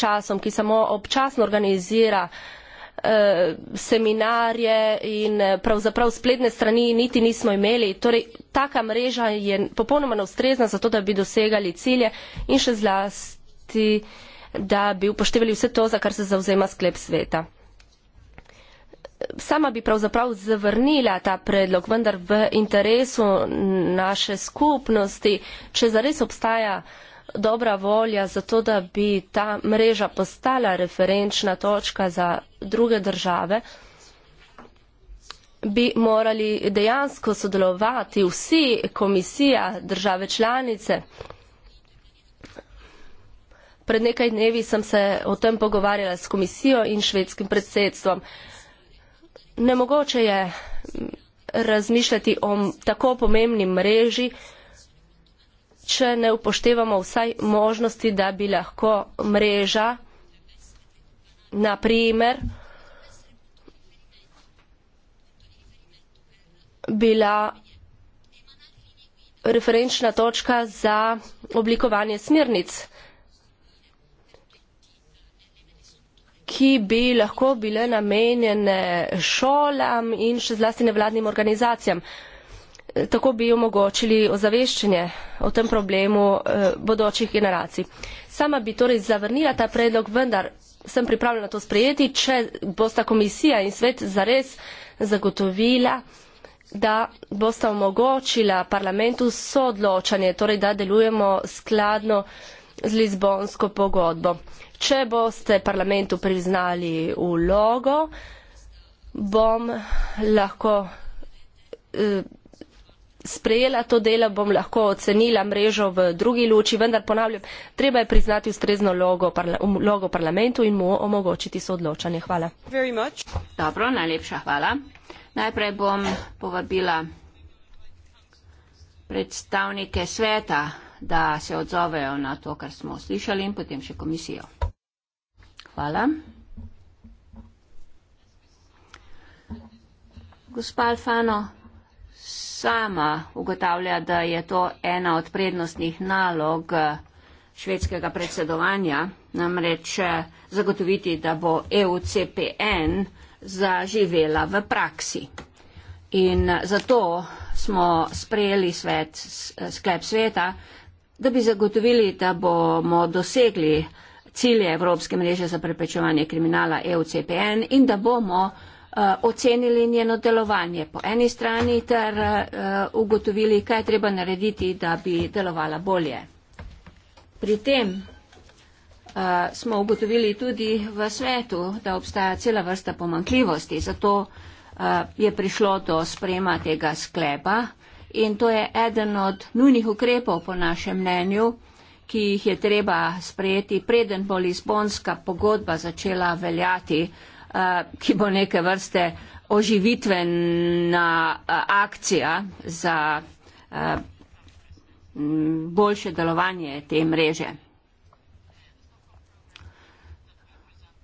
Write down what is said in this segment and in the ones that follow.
časom, ki samo občasno organizira eh, seminarje in eh, pravzaprav spletne strani niti nismo imeli. Torej, taka mreža je popolnoma neustrezna za to, da bi dosegali cilje in še zlasti, da bi upoštevali vse to, za kar se zauzema sklep sveta. Sama bi pravzaprav zavrnila ta predlog, vendar v interesu naše skupnosti, če zares obstaja dobra volja za to, da bi ta mreža postala referenčna točka za druge države, bi morali dejansko sodelovati vsi komisija države članice. Pred nekaj dnevi sem se o tem pogovarjala s komisijo in švedskim predsedstvom. Nemogoče je razmišljati o tako pomembni mreži, če ne upoštevamo vsaj možnosti, da bi lahko mreža, naprimer, bila referenčna točka za oblikovanje smernic, ki bi lahko bile namenjene šolam in še zlasti nevladnim organizacijam tako bi omogočili ozaveščenje o tem problemu eh, bodočih generacij. Sama bi torej zavrnila ta predlog, vendar sem pripravljena to sprejeti, če bosta komisija in svet zares zagotovila, da bosta omogočila parlamentu soodločanje, torej da delujemo skladno z Lizbonsko pogodbo. Če boste parlamentu priznali vlogo, bom lahko. Eh, sprejela to delo, bom lahko ocenila mrežo v drugi luči, vendar ponavljam, treba je priznati ustrezno logo, parla, um, logo parlamentu in mu omogočiti soodločanje. Hvala. Dobro, najlepša hvala. Najprej bom povabila predstavnike sveta, da se odzovejo na to, kar smo slišali in potem še komisijo. Hvala. Gospa Alfano, sama ugotavlja, da je to ena od prednostnih nalog eh, švedskega predsedovanja, namreč eh, zagotoviti, da bo EUCPN zaživela v praksi. In eh, zato smo sprejeli svet, sklep sveta, da bi zagotovili, da bomo dosegli cilje Evropske mreže za preprečevanje kriminala EUCPN in da bomo Eh, ocenili njeno delovanje po eni strani ter eh, ugotovili, kaj je treba narediti, da bi delovala bolje. Pri tem eh, smo ugotovili tudi v svetu, da obstaja cela vrsta pomankljivosti, zato je prišlo do sprejema tega sklepa in to je eden od nujnih ukrepov po našem mnenju, ki jih je treba sprejeti, preden bo Lizbonska pogodba začela veljati. Eh, ki bo neke vrste oživitvena eh, akcija za eh, boljše delovanje te mreže.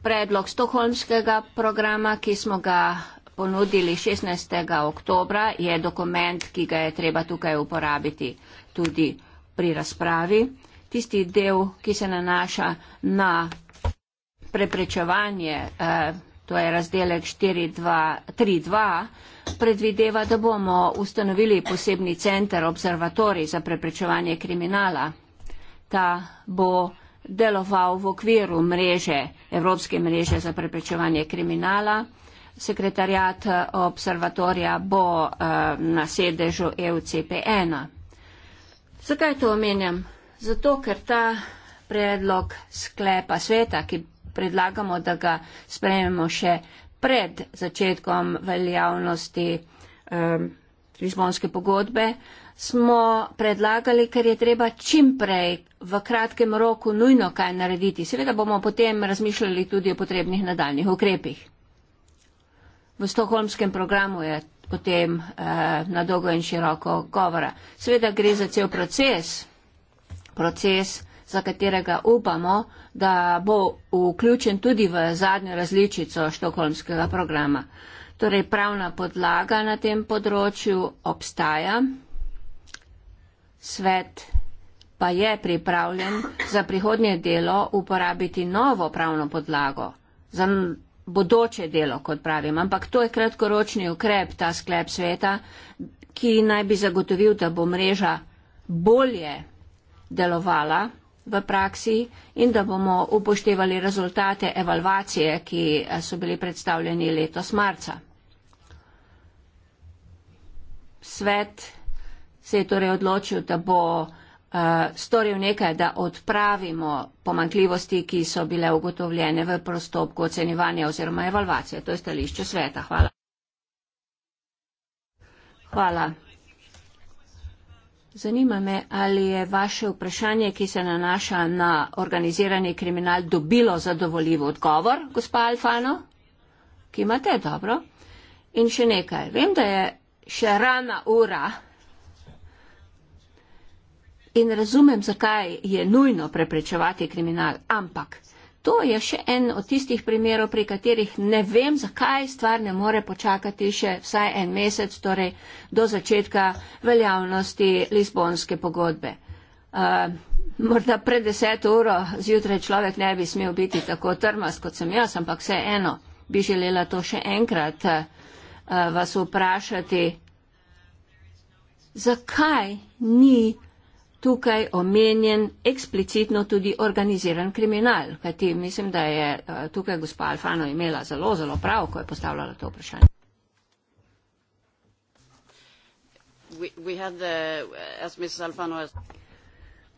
Predlog Stokholmskega programa, ki smo ga ponudili 16. oktobra, je dokument, ki ga je treba tukaj uporabiti tudi pri razpravi. Tisti del, ki se nanaša na preprečevanje eh, to je razdelek 4.2.3.2, predvideva, da bomo ustanovili posebni center observatorij za preprečevanje kriminala. Ta bo deloval v okviru mreže, Evropske mreže za preprečevanje kriminala. Sekretarjat eh, observatorija bo eh, na sedežu EUCP1. Zakaj to omenjam? Zato, ker ta predlog sklepa sveta, ki predlagamo, da ga sprejmemo še pred začetkom veljavnosti um, Lizbonske pogodbe, smo predlagali, ker je treba čimprej v kratkem roku nujno kaj narediti. Seveda bomo potem razmišljali tudi o potrebnih nadaljnih ukrepih. V Stokholmskem programu je potem eh, na dolgo in široko govora. Seveda gre za cel proces, proces, za katerega upamo, da bo vključen tudi v zadnjo različico štokholmskega programa. Torej, pravna podlaga na tem področju obstaja, svet pa je pripravljen za prihodnje delo uporabiti novo pravno podlago za bodoče delo, kot pravim. Ampak to je kratkoročni ukrep, ta sklep sveta, ki naj bi zagotovil, da bo mreža bolje delovala v praksi in da bomo upoštevali rezultate evalvacije, ki so bili predstavljeni letos marca. Svet se je torej odločil, da bo eh, storil nekaj, da odpravimo pomankljivosti, ki so bile ugotovljene v prostopku ocenjevanja oziroma evalvacije. To je stališče sveta. Hvala. Hvala. Zanima me, ali je vaše vprašanje, ki se nanaša na organizirani kriminal, dobilo zadovoljiv odgovor, gospa Alfano, ki imate dobro. In še nekaj, vem, da je še rana ura in razumem, zakaj je nujno preprečevati kriminal, ampak to je še en od tistih primerov, pri katerih ne vem, zakaj stvar ne more počakati še vsaj en mesec, torej do začetka veljavnosti Lisbonske pogodbe. Uh, morda pred deset uro zjutraj človek ne bi smel biti tako trmas, kot sem jaz, ampak vse eno bi želela to še enkrat uh, vas vprašati. Zakaj ni tukaj omenjen eksplicitno tudi organiziran kriminal, kajti mislim, da je eh, tukaj gospa Alfano imela zelo, zelo prav, ko je postavljala to vprašanje.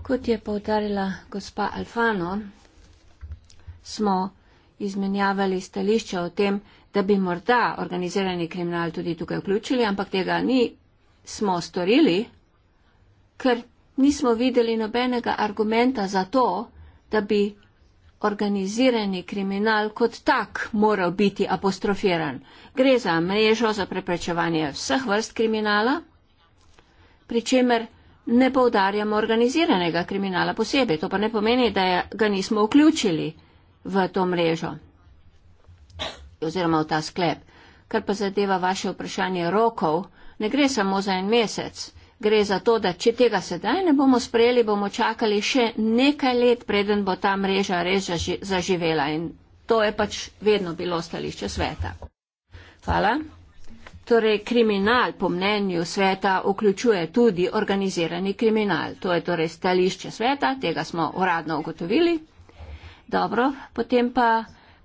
Kot je povdarila gospa Alfano, smo izmenjavali stališče o tem, da bi morda organizirani kriminal tudi tukaj vključili, ampak tega ni smo storili, ker nismo videli nobenega argumenta za to, da bi organizirani kriminal kot tak moral biti apostrofiran. Gre za mrežo za preprečevanje vseh vrst kriminala, pri čemer ne povdarjamo organiziranega kriminala posebej. To pa ne pomeni, da ga nismo vključili v to mrežo oziroma v ta sklep. Kar pa zadeva vaše vprašanje rokov, ne gre samo za en mesec gre za to, da če tega sedaj ne bomo sprejeli, bomo čakali še nekaj let, preden bo ta mreža res zaživela. In to je pač vedno bilo stališče sveta. Hvala. Torej, kriminal po mnenju sveta vključuje tudi organizirani kriminal. To je torej stališče sveta, tega smo uradno ugotovili. Dobro, potem pa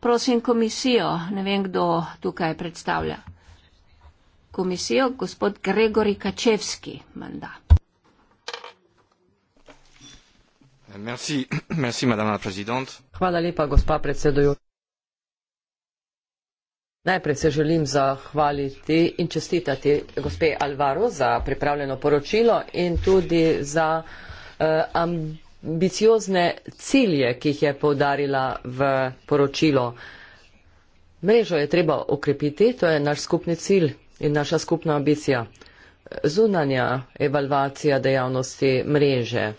prosim komisijo, ne vem, kdo tukaj predstavlja komisijo gospod Gregori Kačevski menda. Merci, merci, Hvala lepa, gospa predsedujoča. Najprej se želim zahvaliti in čestitati gospe Alvaro za pripravljeno poročilo in tudi za uh, ambiciozne cilje, ki jih je povdarila v poročilo. Mrežo je treba okrepiti, to je naš skupni cilj, in naša skupna ambicija. Zunanja evalvacija dejavnosti mreže,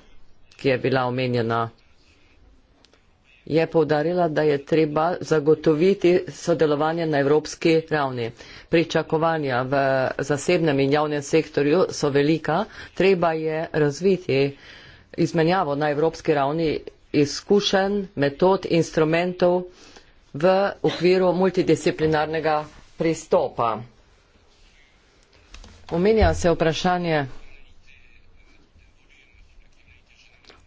ki je bila omenjena, je povdarila, da je treba zagotoviti sodelovanje na evropski ravni. Pričakovanja v zasebnem in javnem sektorju so velika, treba je razviti izmenjavo na evropski ravni izkušenj, metod, instrumentov v okviru multidisciplinarnega pristopa. Omenja se vprašanje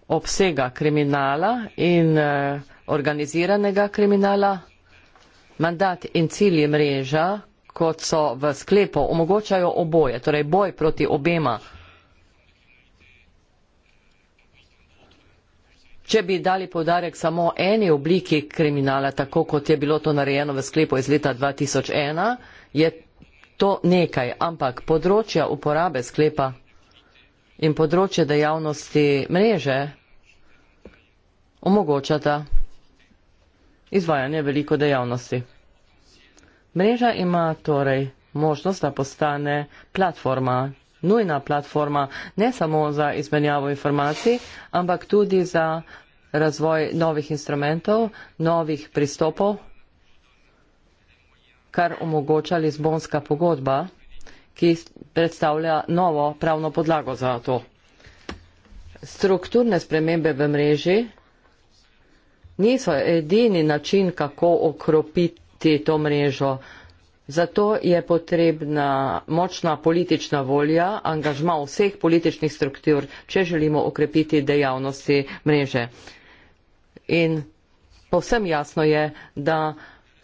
obsega kriminala in eh, organiziranega kriminala. Mandat in cilji mreža, kot so v sklepu, omogočajo oboje, torej boj proti obema. Če bi dali povdarek samo eni obliki kriminala, tako kot je bilo to narejeno v sklepu iz leta 2001, je to nekaj, ampak področja uporabe sklepa in področje dejavnosti mreže omogočata izvajanje veliko dejavnosti. Mreža ima torej možnost, da postane platforma, nujna platforma, ne samo za izmenjavo informacij, ampak tudi za razvoj novih instrumentov, novih pristopov kar omogoča Lizbonska pogodba, ki predstavlja novo pravno podlago za to. Strukturne spremembe v mreži niso edini način, kako okropiti to mrežo. Zato je potrebna močna politična volja, angažma vseh političnih struktur, če želimo okrepiti dejavnosti mreže. In povsem jasno je, da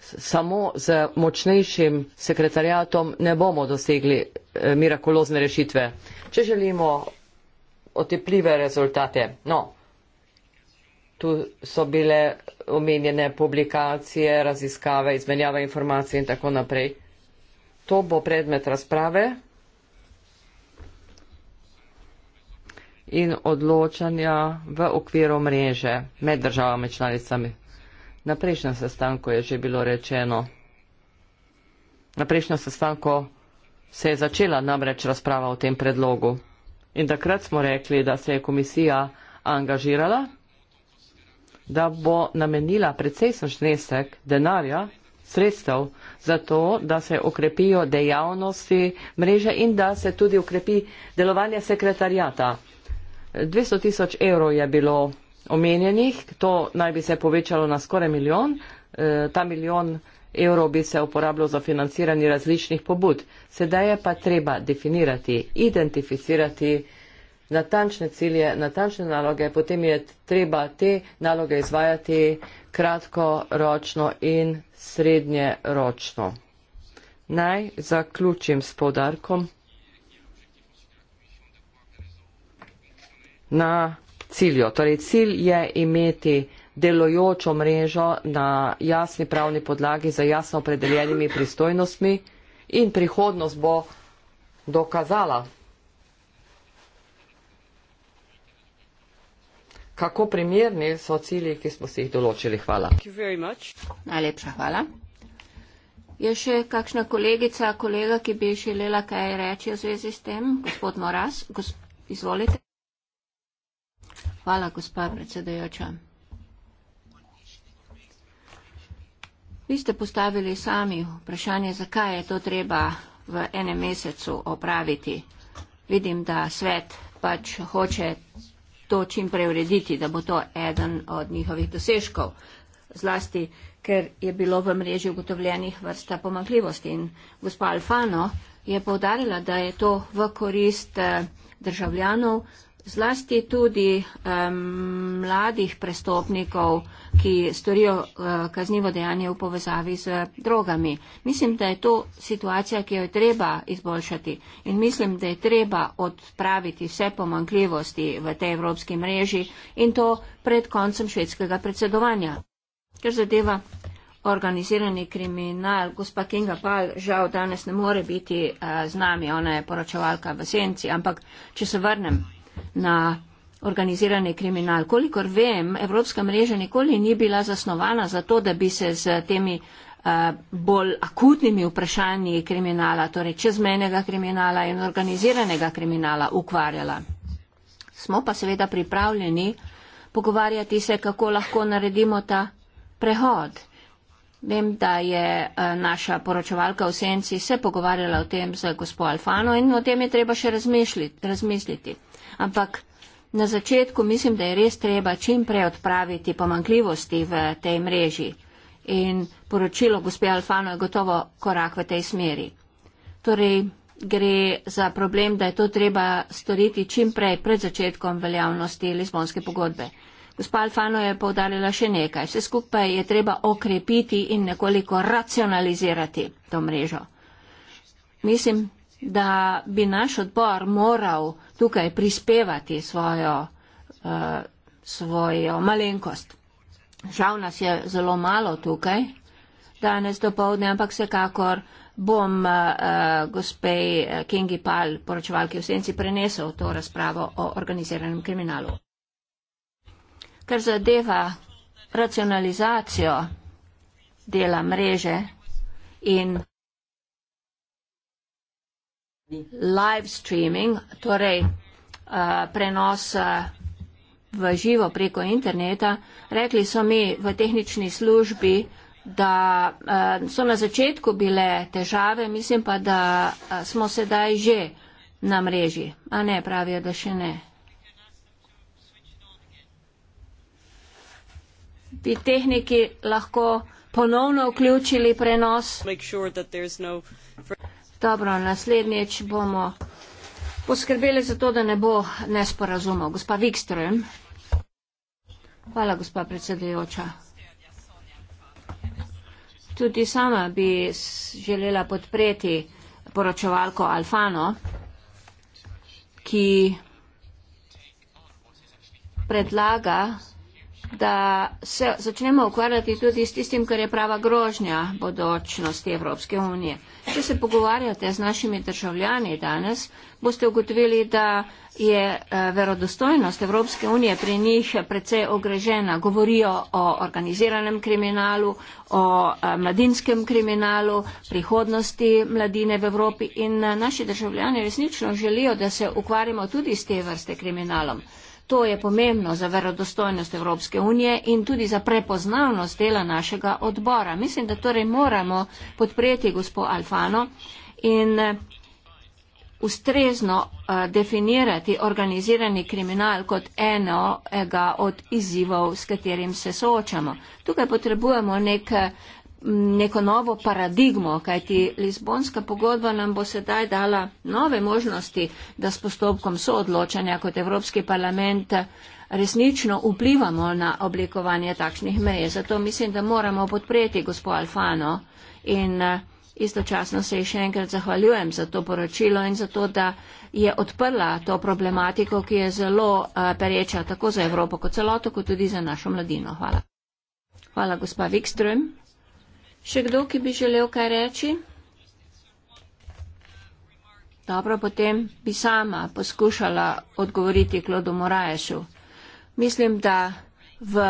samo z močnejšim sekretarjatom ne bomo dosegli eh, mirakulozne rešitve, če želimo otepljive rezultate. No, tu so bile omenjene publikacije, raziskave, izmenjava informacij in tako naprej. To bo predmet razprave in odločanja v okviru mreže med državami članicami. Na prejšnjem sestanku je že bilo rečeno, na prejšnjem sestanku se je začela namreč razprava o tem predlogu. In takrat smo rekli, da se je komisija angažirala, da bo namenila predsejsen šnesek denarja, sredstev, zato, da se okrepijo dejavnosti mreže in da se tudi okrepi delovanje sekretarjata. 200 tisoč evrov je bilo omenjenih, to naj bi se povečalo na skoraj milijon, e, ta milijon evrov bi se uporabljal za financiranje različnih pobud. Sedaj je pa treba definirati, identificirati natančne cilje, natančne naloge, potem je treba te naloge izvajati kratkoročno in srednjeročno. Naj zaključim s podarkom na cilju. Torej, cilj je imeti delojočo mrežo na jasni pravni podlagi za jasno opredeljenimi pristojnostmi in prihodnost bo dokazala, kako primerni so cilji, ki smo si jih določili. Hvala. Najlepša hvala. Je še kakšna kolegica, kolega, ki bi želela kaj reči v zvezi s tem? Gospod Moras, gos izvolite. Hvala, gospa predsedujoča. Vi ste postavili sami vprašanje, zakaj je to treba v enem mesecu opraviti. Vidim, da svet pač hoče to čim prej urediti, da bo to eden od njihovih dosežkov. Zlasti, ker je bilo v mreži ugotovljenih vrsta pomakljivosti. In gospa Alfano je povdarila, da je to v korist eh, državljanov, zlasti tudi um, mladih prestopnikov, ki storijo uh, kaznivo dejanje v povezavi z drogami. Mislim, da je to situacija, ki jo je treba izboljšati in mislim, da je treba odpraviti vse pomankljivosti v tej evropski mreži in to pred koncem švedskega predsedovanja. Ker zadeva organizirani kriminal, gospa Kinga Pal žal danes ne more biti uh, z nami, ona je poročevalka v senci, ampak če se vrnem na organizirani kriminal. Kolikor vem, Evropska mreža nikoli ni bila zasnovana za to, da bi se z temi eh, bolj akutnimi vprašanji kriminala, torej čezmenega kriminala in organiziranega kriminala ukvarjala. Smo pa seveda pripravljeni pogovarjati se, kako lahko naredimo ta prehod. Vem, da je eh, naša poročevalka v Senci se pogovarjala o tem z gospod Alfano in o tem je treba še razmisliti ampak na začetku mislim, da je res treba čim prej odpraviti pomankljivosti v tej mreži. In poročilo gospe Alfano je gotovo korak v tej smeri. Torej, gre za problem, da je to treba storiti čim prej pred začetkom veljavnosti Lizbonske pogodbe. Gospa Alfano je povdarjala še nekaj. Vse skupaj je treba okrepiti in nekoliko racionalizirati to mrežo. Mislim, da bi naš odbor moral tukaj prispevati svojo, uh, svojo malenkost. Žal nas je zelo malo tukaj danes dopovdne, ampak vsekakor bom uh, gospej eh, Kingi Pal, poročevalki v senci, prenesel to razpravo o organiziranem kriminalu. Kar zadeva racionalizacijo dela mreže in live streaming, torej uh, prenos uh, v živo preko interneta. Rekli so mi v tehnični službi, da uh, so na začetku bile težave, mislim pa, da uh, smo sedaj že na mreži. A ne, pravijo, da še ne. Bi tehniki lahko ponovno vključili prenos? Dobro, naslednjič bomo poskrbeli za to, da ne bo nesporazumov. Gospa Wikström. Hvala, gospa predsedujoča. Tudi sama bi želela podpreti poročevalko Alfano, ki predlaga da se začnemo ukvarjati tudi s tistim, kar je prava grožnja bodočnosti Evropske unije. Če se pogovarjate z našimi državljani danes, boste ugotovili, da je eh, verodostojnost Evropske unije pri njih precej ogrežena. Govorijo o organiziranem kriminalu, o eh, mladinskem kriminalu, prihodnosti mladine v Evropi in eh, naši državljani resnično želijo, da se ukvarjamo tudi s te vrste kriminalom to je pomembno za verodostojnost Evropske unije in tudi za prepoznavnost dela našega odbora. Mislim, da torej moramo podpreti gospo Alfano in eh, ustrezno eh, definirati organizirani kriminal kot enega od izzivov, s katerim se soočamo. Tukaj potrebujemo nek eh, neko novo paradigmo, kajti Lizbonska pogodba nam bo sedaj dala nove možnosti, da s postopkom soodločanja kot Evropski parlament resnično vplivamo na oblikovanje takšnih meje. Zato mislim, da moramo podpreti gospo Alfano in eh, istočasno se ji še enkrat zahvaljujem za to poročilo in za to, da je odprla to problematiko, ki je zelo eh, pereča tako za Evropo kot celoto, kot tudi za našo mladino. Hvala. Hvala, gospa Wikström. Še kdo, ki bi želel kaj reči? Dobro, potem bi sama poskušala odgovoriti Klodu Morajesu. Mislim, da v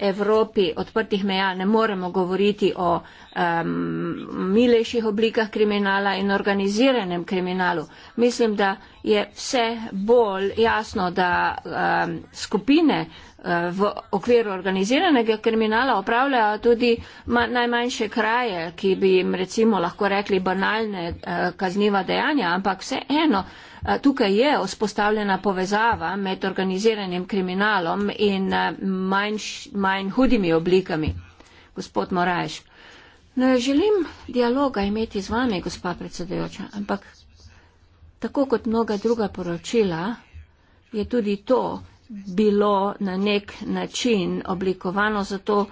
Evropi odprtih meja ne moremo govoriti o um, milejših oblikah kriminala in organiziranem kriminalu. Mislim, da je vse bolj jasno, da um, skupine Eh, v okviru organiziranega kriminala opravljajo tudi najmanjše kraje, ki bi jim recimo lahko rekli banalne eh, kazniva dejanja, ampak vseeno eh, tukaj je vzpostavljena povezava med organiziranim kriminalom in manj, manj hudimi oblikami. Gospod Moraješ, no, želim dialoga imeti z vami, gospa predsedujoča, ampak tako kot mnoga druga poročila, je tudi to, bilo na nek način oblikovano zato,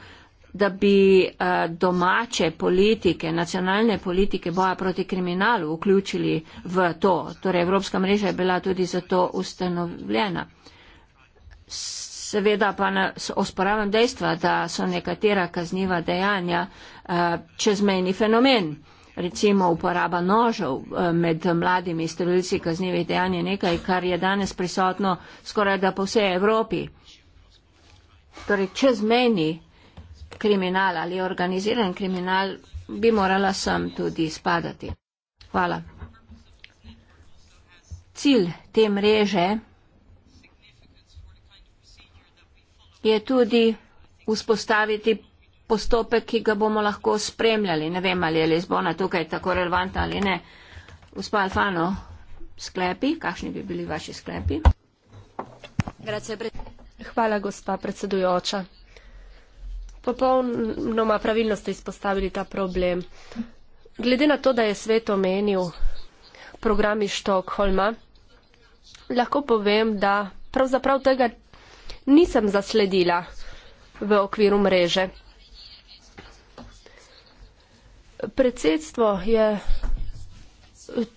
da bi eh, domače politike, nacionalne politike boja proti kriminalu vključili v to. Torej, Evropska mreža je bila tudi zato ustanovljena. Seveda pa na, osporavam dejstva, da so nekatera kazniva dejanja eh, čezmejni fenomen recimo uporaba nožev eh, med mladimi strelci kaznjivih dejanj je nekaj, kar je danes prisotno skoraj da po vsej Evropi. Torej, če zmeni kriminal ali organiziran kriminal, bi morala sem tudi spadati. Hvala. Cilj te mreže je tudi vzpostaviti postopek, ki ga bomo lahko spremljali. Ne vem, ali je Lizbona tukaj tako relevantna ali ne. Gospa Alfano, sklepi, kakšni bi bili vaši sklepi? Hvala, gospa predsedujoča. Popolnoma pravilno ste izpostavili ta problem. Glede na to, da je svet omenil programi Štokholma, lahko povem, da pravzaprav tega nisem zasledila v okviru mreže. Predsedstvo je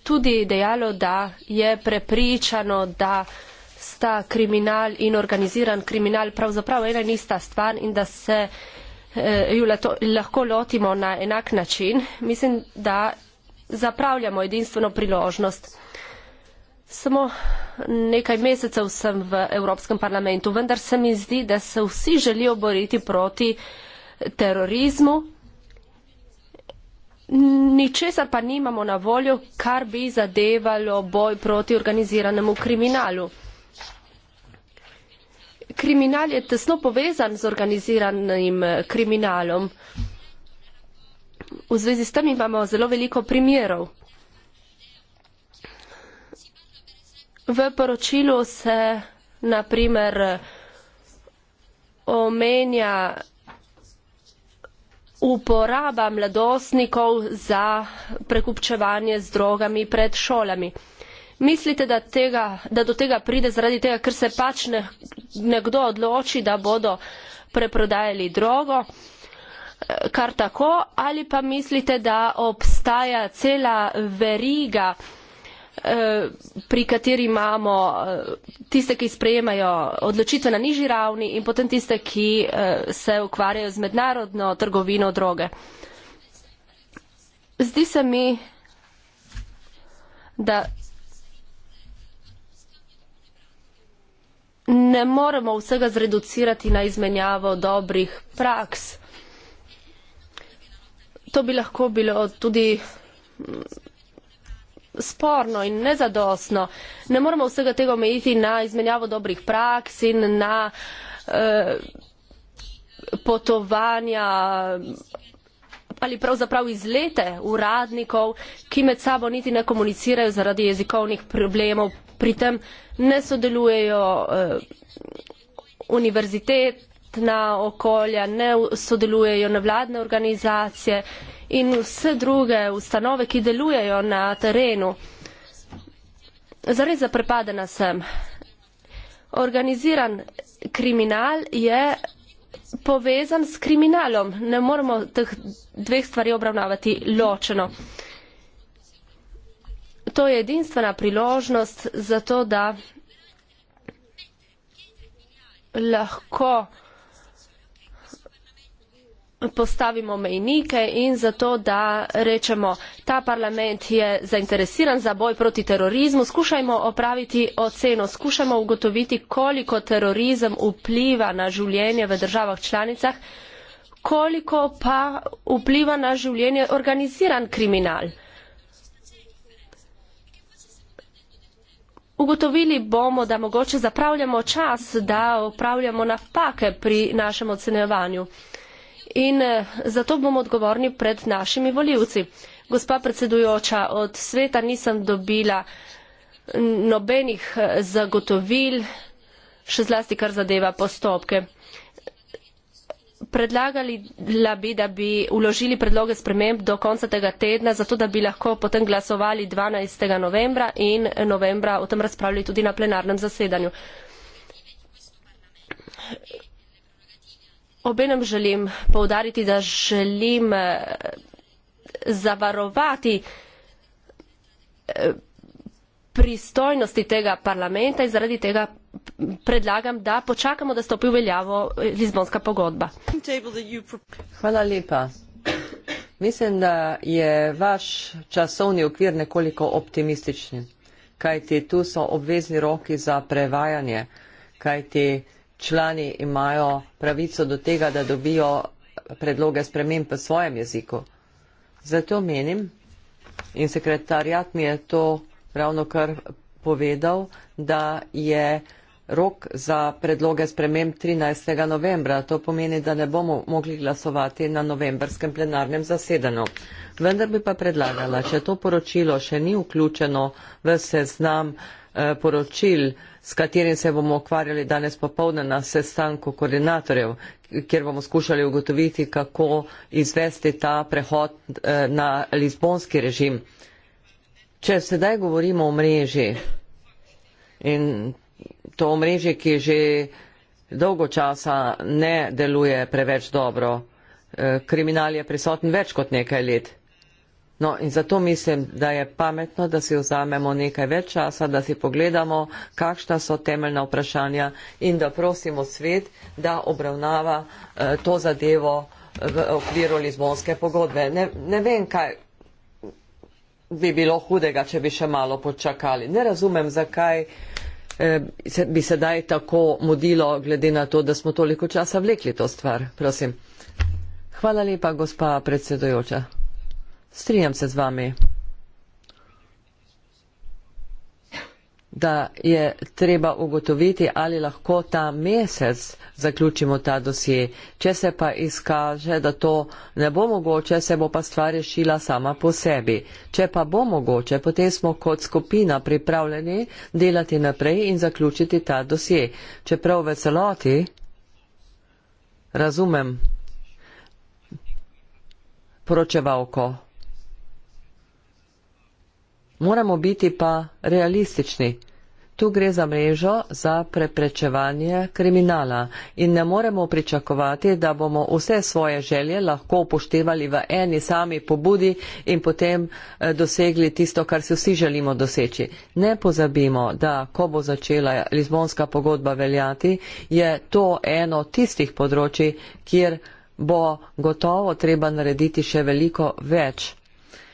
tudi dejalo, da je prepričano, da sta kriminal in organiziran kriminal pravzaprav ena in ista stvar in da se eh, ju lato, lahko lotimo na enak način. Mislim, da zapravljamo edinstveno priložnost. Samo nekaj mesecev sem v Evropskem parlamentu, vendar se mi zdi, da se vsi želijo boriti proti terorizmu ničesar pa nimamo na voljo, kar bi zadevalo boj proti organiziranemu kriminalu. Kriminal je tesno povezan z organiziranim eh, kriminalom. V zvezi s tem imamo zelo veliko primerov. V poročilu se naprimer eh, omenja uporaba mladostnikov za prekupčevanje z drogami pred šolami. Mislite, da, tega, da do tega pride zaradi tega, ker se pač ne, nekdo odloči, da bodo preprodajali drogo kar tako, ali pa mislite, da obstaja cela veriga Eh, pri kateri imamo eh, tiste, ki sprejemajo odločitve na nižji ravni in potem tiste, ki eh, se ukvarjajo z mednarodno trgovino droge. Zdi se mi, da ne moremo vsega zreducirati na izmenjavo dobrih praks. To bi lahko bilo tudi sporno in nezadostno. Ne moramo vsega tega omejiti na izmenjavo dobrih praks in na eh, potovanja ali pravzaprav izlete uradnikov, ki med sabo niti ne komunicirajo zaradi jezikovnih problemov, pri tem ne sodelujejo eh, univerzitetna okolja, ne sodelujejo nevladne organizacije in vse druge ustanove, ki delujejo na terenu. Zares zaprepadena sem. Organiziran kriminal je povezan s kriminalom. Ne moramo teh dveh stvari obravnavati ločeno. To je edinstvena priložnost za to, da lahko postavimo mejnike in zato da rečemo ta parlament je zainteresiran za boj proti terorizmu skušajmo opraviti oceno skušajmo ugotoviti koliko terorizem vpliva na življenje v državah članicah koliko pa vpliva na življenje organiziran kriminal Ugotovili bomo, da mogoče zapravljamo čas, da upravljamo napake pri našem ocenjevanju in eh, zato bomo odgovorni pred našimi voljivci. Gospa predsedujoča, od sveta nisem dobila nobenih eh, zagotovil, še zlasti kar zadeva postopke. Predlagali bi, da bi uložili predloge sprememb do konca tega tedna, zato da bi lahko potem glasovali 12. novembra in novembra o tem razpravljali tudi na plenarnem zasedanju. Obenem želim povdariti, da želim eh, zavarovati eh, pristojnosti tega parlamenta in zaradi tega predlagam, da počakamo, da stopi v veljavo eh, Lizbonska pogodba. Hvala lepa. Mislim, da je vaš časovni okvir nekoliko optimističen, kajti tu so obvezni roki za prevajanje, kajti člani imajo pravico do tega, da dobijo predloge sprememb v svojem jeziku. Zato menim in sekretarjat mi je to ravno kar povedal, da je rok za predloge sprememb 13. novembra. To pomeni, da ne bomo mogli glasovati na novembrskem plenarnem zasedanju. Vendar bi pa predlagala, če to poročilo še ni vključeno v seznam uh, Eh, poročil, s katerim se bomo ukvarjali danes popovdne na sestanku koordinatorjev, kjer bomo skušali ugotoviti, kako izvesti ta prehod eh, na lizbonski režim. Če sedaj govorimo o mreži in to o mreži, ki že dolgo časa ne deluje preveč dobro, eh, kriminal je prisoten več kot nekaj let. No, in zato mislim, da je pametno, da si vzamemo nekaj več časa, da si pogledamo, kakšna so temeljna vprašanja in da prosimo svet, da obravnava eh, to zadevo v okviru Lizbonske pogodbe. Ne, ne vem, kaj bi bilo hudega, če bi še malo počakali. Ne razumem, zakaj eh, se, bi se daj tako modilo, glede na to, da smo toliko časa vlekli to stvar. Prosim. Hvala lepa, gospa predsedojoča. Strinjam se z vami, da je treba ugotoviti, ali lahko ta mesec zaključimo ta dosje. Če se pa izkaže, da to ne bo mogoče, se bo pa stvar rešila sama po sebi. Če pa bo mogoče, potem smo kot skupina pripravljeni delati naprej in zaključiti ta dosje. Čeprav v celoti razumem poročevalko. Moramo biti pa realistični. Tu gre za mrežo za preprečevanje kriminala in ne moremo pričakovati, da bomo vse svoje želje lahko upoštevali v eni sami pobudi in potem eh, dosegli tisto, kar si vsi želimo doseči. Ne pozabimo, da ko bo začela Lizbonska pogodba veljati, je to eno tistih področji, kjer bo gotovo treba narediti še veliko več.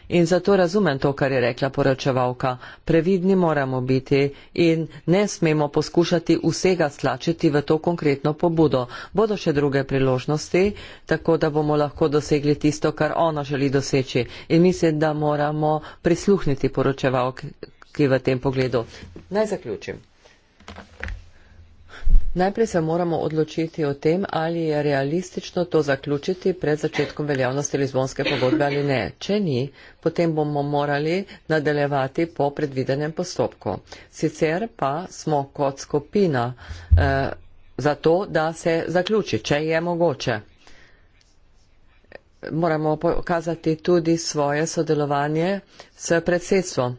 In zato razumem to, kar je rekla poročevalka. Previdni moramo biti in ne smemo poskušati vsega slačiti v to konkretno pobudo. Bodo še druge priložnosti, tako da bomo lahko dosegli tisto, kar ona želi doseči. In mislim, da moramo prisluhniti poročevalki v tem pogledu. Naj zaključim. Najprej se moramo odločiti o tem, ali je realistično to zaključiti pred začetkom veljavnosti Lizbonske pogodbe ali ne. Če ni, potem bomo morali nadaljevati po predvidenem postopku. Sicer pa smo kot skupina eh, za to, da se zaključi, če je mogoče. Moramo pokazati tudi svoje sodelovanje s predsedstvom.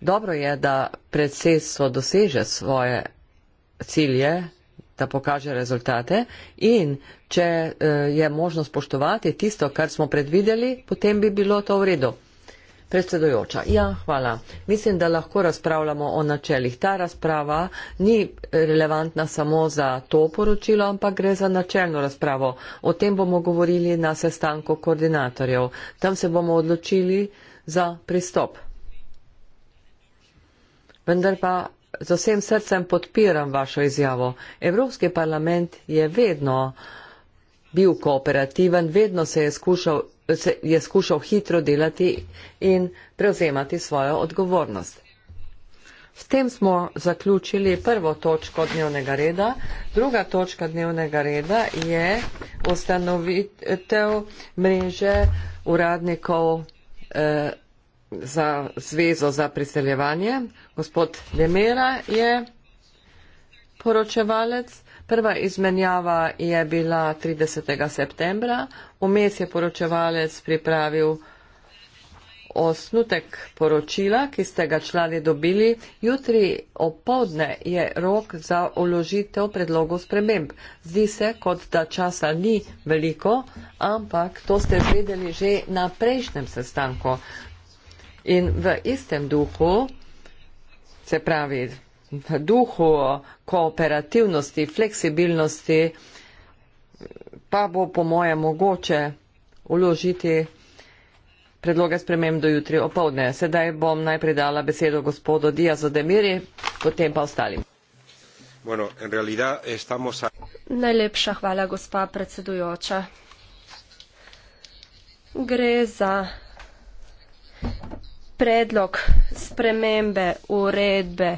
Dobro je, da predsedstvo doseže svoje cilj je, da pokaže rezultate in če eh, je možno spoštovati tisto, kar smo predvideli, potem bi bilo to v redu. Predsedojoča, ja, hvala. Mislim, da lahko razpravljamo o načelih. Ta razprava ni relevantna samo za to poročilo, ampak gre za načelno razpravo. O tem bomo govorili na sestanku koordinatorjev. Tam se bomo odločili za pristop. Vendar pa z vsem srcem podpiram vašo izjavo. Evropski parlament je vedno bil kooperativen, vedno se je skušal, se je skušal hitro delati in prevzemati svojo odgovornost. S tem smo zaključili prvo točko dnevnega reda. Druga točka dnevnega reda je ustanovitev mreže uradnikov. Eh, za zvezo za priseljevanje. Gospod Demera je poročevalec. Prva izmenjava je bila 30. septembra. Vmes je poročevalec pripravil osnutek poročila, ki ste ga člani dobili. Jutri opovdne je rok za uložitev predlogov sprememb. Zdi se, kot da časa ni veliko, ampak to ste vedeli že na prejšnjem sestanku. In v istem duhu, se pravi, v duhu kooperativnosti, fleksibilnosti, pa bo po moje mogoče uložiti predloge sprememb do jutri opovdne. Sedaj bom najprej dala besedo gospodu Diazo Demiri, potem pa ostalim. Bueno, en realidad estamos a... Najlepša hvala, gospa predsedujoča. Gre za predlog spremembe uredbe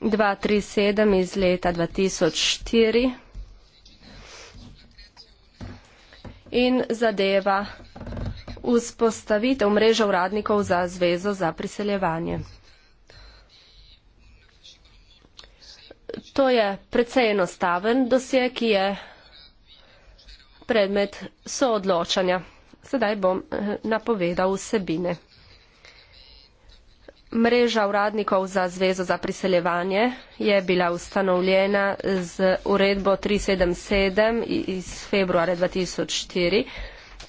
237 iz leta 2004 in zadeva vzpostavitev mreže uradnikov za zvezo za priseljevanje. To je precej enostaven dosje, ki je predmet soodločanja. Sedaj bom eh, napovedal vsebine. Mreža uradnikov za Zvezo za priseljevanje je bila ustanovljena z uredbo 377 iz februarja 2004.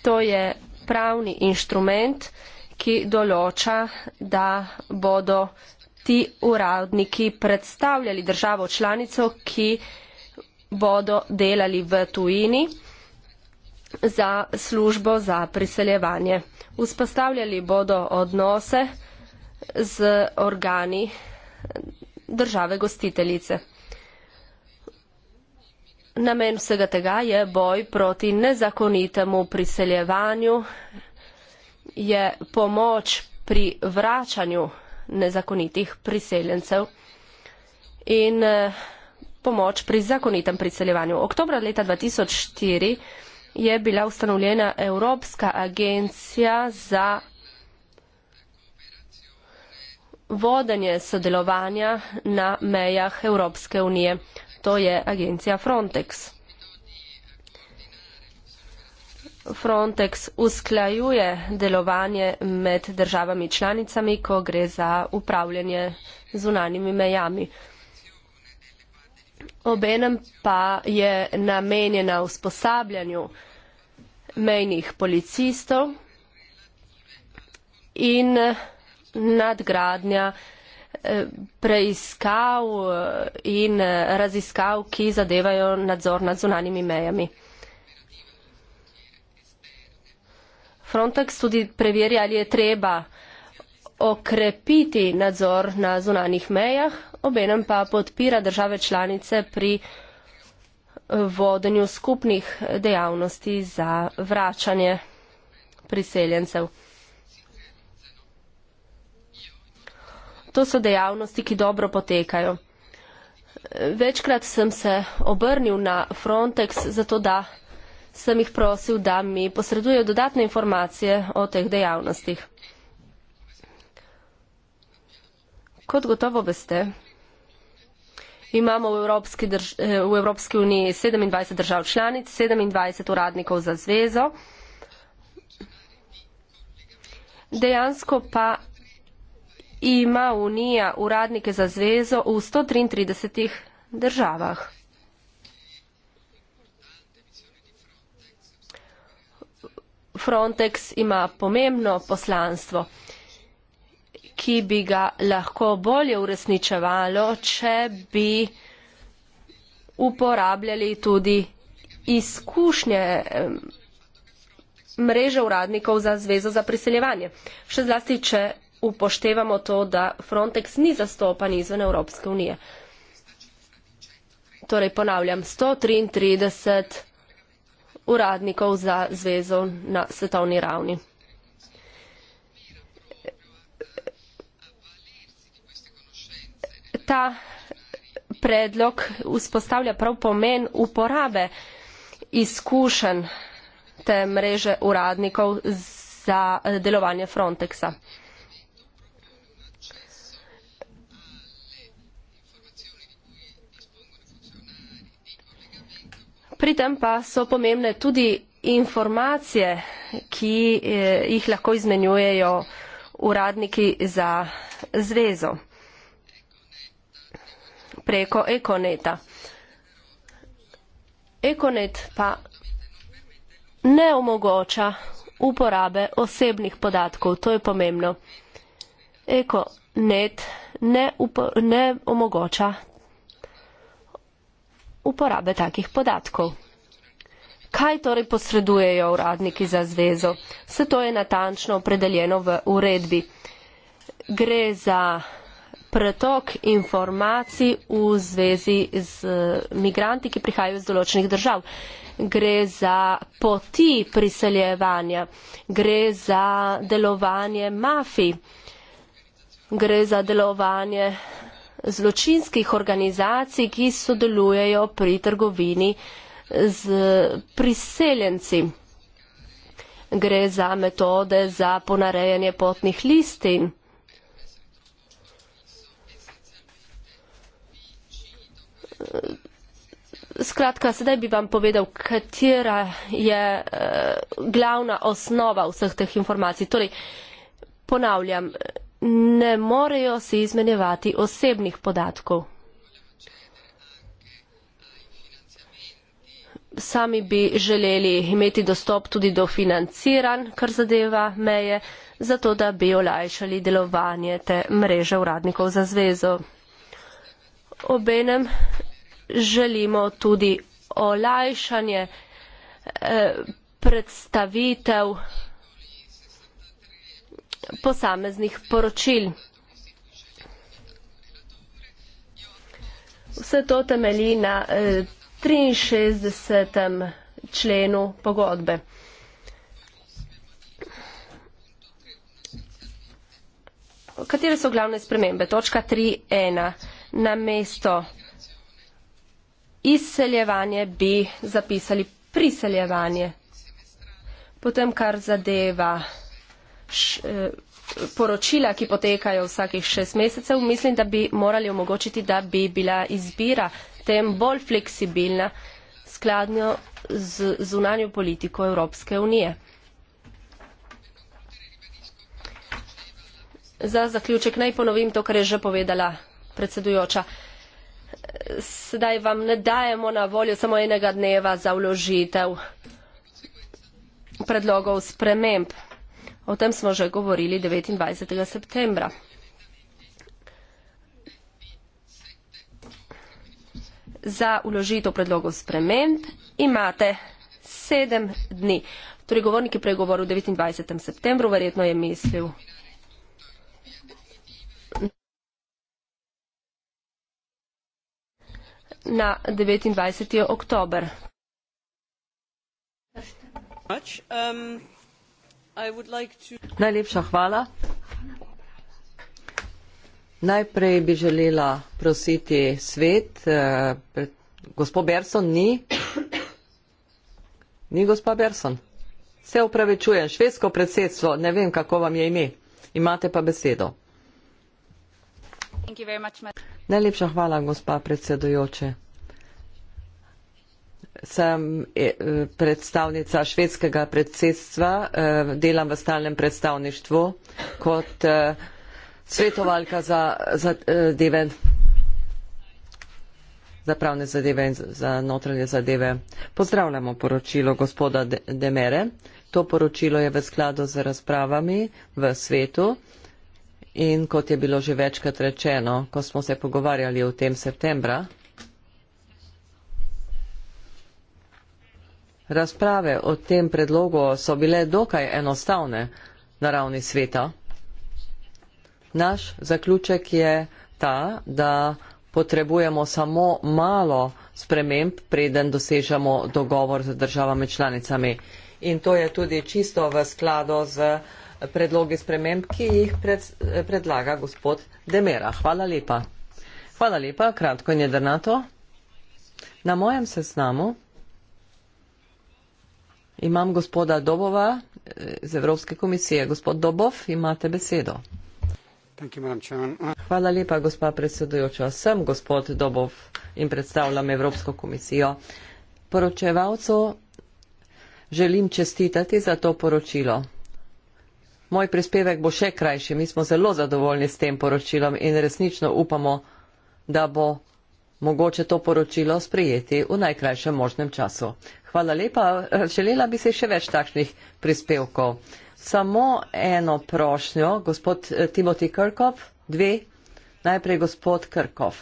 To je pravni inštrument, ki določa, da bodo ti uradniki predstavljali državo članico, ki bodo delali v tujini za službo za priseljevanje. Vzpostavljali bodo odnose, z organi države gostiteljice. Namen vsega tega je boj proti nezakonitemu priseljevanju, je pomoč pri vračanju nezakonitih priseljencev in eh, pomoč pri zakonitem priseljevanju. Oktober leta 2004 je bila ustanovljena Evropska agencija za vodenje sodelovanja na mejah Evropske unije. To je agencija Frontex. Frontex usklajuje delovanje med državami članicami, ko gre za upravljanje z unanimi mejami. Obenem pa je namenjena usposabljanju mejnih policistov in vsega, nadgradnja eh, preiskav eh, in eh, raziskav, ki zadevajo nadzor nad zunanimi mejami. Frontex tudi preverja, ali je treba okrepiti nadzor na zunanih mejah, obenem pa podpira države članice pri vodenju skupnih dejavnosti za vračanje priseljencev. To so dejavnosti, ki dobro potekajo. Večkrat sem se obrnil na Frontex, zato da sem jih prosil, da mi posredujejo dodatne informacije o teh dejavnostih. Kot gotovo veste, imamo v Evropski, drž eh, v Evropski uniji 27 držav članic, 27 uradnikov za zvezo. Dejansko pa ima Unija uradnike za zvezo v 133 državah. Frontex ima pomembno poslanstvo, ki bi ga lahko bolje uresničevalo, če bi uporabljali tudi izkušnje mreže uradnikov za zvezo za priseljevanje. Še zlasti, če upoštevamo to, da Frontex ni zastopan izven Evropske unije. Torej, ponavljam, 133 uradnikov za zvezo na svetovni ravni. Ta predlog vzpostavlja prav pomen uporabe izkušenj te mreže uradnikov za delovanje Frontexa. Pri tem pa so pomembne tudi informacije, ki eh, jih lahko izmenjujejo uradniki za zvezo preko Econeta. Econet pa ne omogoča uporabe osebnih podatkov, to je pomembno. Econet ne, ne omogoča uporabe takih podatkov. Kaj torej posredujejo uradniki za zvezo? Vse to je natančno opredeljeno v uredbi. Gre za pretok informacij v zvezi z eh, migranti, ki prihajajo iz določenih držav. Gre za poti priseljevanja, gre za delovanje mafij, gre za delovanje zločinskih organizacij, ki sodelujejo pri trgovini z priseljenci. Gre za metode za ponarejanje potnih listin. Skratka, sedaj bi vam povedal, katera je eh, glavna osnova vseh teh informacij. Torej, ponavljam, ne morejo si izmenjevati osebnih podatkov. Sami bi želeli imeti dostop tudi do financiran, kar zadeva meje, zato da bi olajšali delovanje te mreže uradnikov za zvezo. Obenem želimo tudi olajšanje eh, predstavitev eh, posameznih poročil. Vse to temelji na 63. Eh, členu pogodbe. Katere so glavne spremembe? Točka 3.1. Na mesto izseljevanje bi zapisali priseljevanje. Potem, kar zadeva Eh, poročila, ki potekajo vsakih šest mesecev, mislim, da bi morali omogočiti, da bi bila izbira tem bolj fleksibilna skladno z zunanjo politiko Evropske unije. Za zaključek naj ponovim to, kar je že povedala predsedujoča. Sedaj vam ne dajemo na voljo samo enega dneva za vložitev predlogov sprememb. O tem smo že govorili 29. septembra. Za uložitev predlogov sprememb imate sedem dni. Torej, govornik je pregovoril 29. septembru, verjetno je mislil. na 29. oktober. Um. Najlepša hvala. Najprej bi želela prositi svet. Eh, gospod Berson ni. Ni gospod Berson. Se upravičujem, švedsko predsedstvo, ne vem, kako vam je ime. Imate pa besedo. Najlepša hvala, gospa predsedujoče sem e, predstavnica švedskega predsedstva, e, delam v stalnem predstavništvu kot e, svetovalka za zadeve, za pravne zadeve in za notranje zadeve. Pozdravljamo poročilo gospoda Demere. To poročilo je v skladu z razpravami v svetu in kot je bilo že večkrat rečeno, ko smo se pogovarjali o tem septembra, razprave o tem predlogu so bile dokaj enostavne na ravni sveta. Naš zaključek je ta, da potrebujemo samo malo sprememb, preden dosežemo dogovor z državami članicami. In to je tudi čisto v skladu z predlogi sprememb, ki jih pred, predlaga gospod Demera. Hvala lepa. Hvala lepa, kratko in jedrnato. Na mojem seznamu Imam gospoda Dobova eh, z Evropske komisije. Gospod Dobov, imate besedo. Hvala lepa, gospa predsedujoča. Sem gospod Dobov in predstavljam Evropsko komisijo. Poročevalcu želim čestitati za to poročilo. Moj prispevek bo še krajši. Mi smo zelo zadovoljni s tem poročilom in resnično upamo, da bo mogoče to poročilo sprejeti v najkrajšem možnem času. Hvala lepa. Želela bi se še več takšnih prispevkov. Samo eno prošnjo, gospod eh, Timothy Krkov, dve. Najprej gospod Krkov.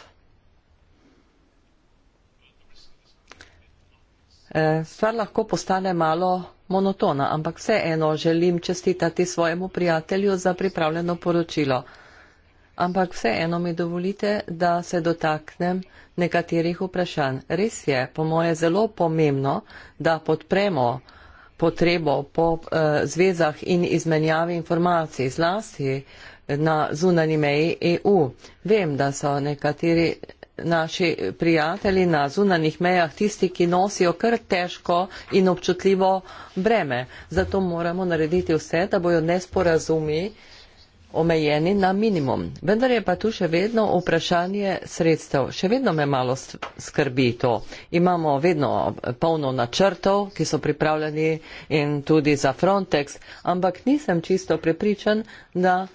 Eh, stvar lahko postane malo monotona, ampak vseeno želim čestitati svojemu prijatelju za pripravljeno poročilo ampak vseeno mi dovolite, da se dotaknem nekaterih vprašanj. Res je, po moje zelo pomembno, da podpremo potrebo po eh, zvezah in izmenjavi informacij zlasti na zunani meji EU. Vem, da so nekateri naši prijatelji na zunanih mejah tisti, ki nosijo kar težko in občutljivo breme. Zato moramo narediti vse, da bojo nesporazumi eh, omejeni na minimum. Vendar je pa tu še vedno vprašanje sredstev. Še vedno me malo skrbi to. Imamo vedno polno načrtov, ki so pripravljeni in tudi za Frontex, ampak nisem čisto prepričan, da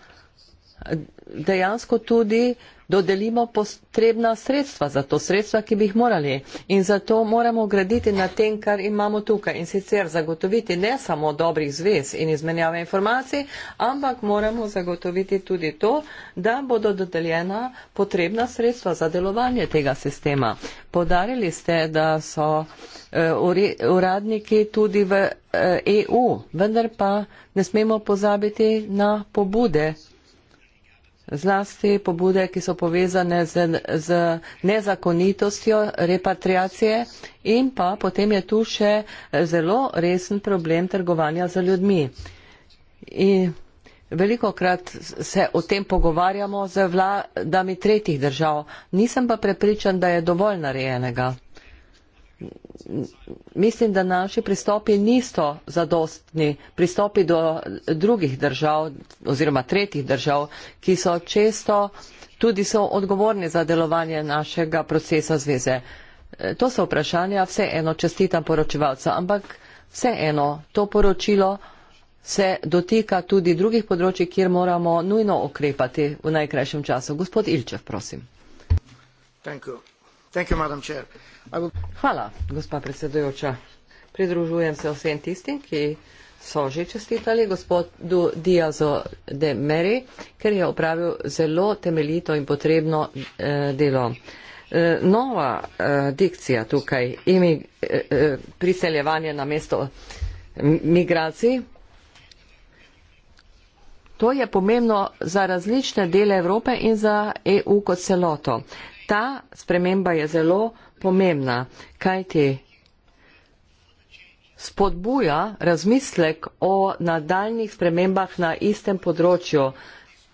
dejansko tudi dodelimo potrebna sredstva za to, sredstva, ki bi jih morali. In zato moramo graditi na tem, kar imamo tukaj. In sicer zagotoviti ne samo dobrih zvez in izmenjave informacij, ampak moramo zagotoviti tudi to, da bodo dodeljena potrebna sredstva za delovanje tega sistema. Podarili ste, da so eh, uradniki tudi v EU, eh, e vendar pa ne smemo pozabiti na pobude zlasti pobude, ki so povezane z, z nezakonitostjo repatriacije in pa potem je tu še zelo resen problem trgovanja z ljudmi. In veliko krat se o tem pogovarjamo z vladami tretjih držav, nisem pa prepričan, da je dovolj narejenega mislim, da naši pristopi niso zadostni, pristopi do drugih držav oziroma tretjih držav, ki so često tudi so odgovorni za delovanje našega procesa zveze. E, to so vprašanja, vseeno čestitam poročevalca, ampak vseeno to poročilo se dotika tudi drugih področji, kjer moramo nujno okrepati v najkrajšem času. Gospod Ilčev, prosim. Thank you. Hvala, gospa predsedujoča. Pridružujem se vsem tistim, ki so že čestitali gospodu Diazo de Meri, ker je opravil zelo temeljito in potrebno eh, delo. Eh, nova eh, dikcija tukaj, imi, eh, eh priseljevanje na mesto eh, migracij, to je pomembno za različne dele Evrope in za EU kot celoto. Ta sprememba je zelo pomembna, kajti spodbuja razmislek o nadaljnih spremembah na istem področju.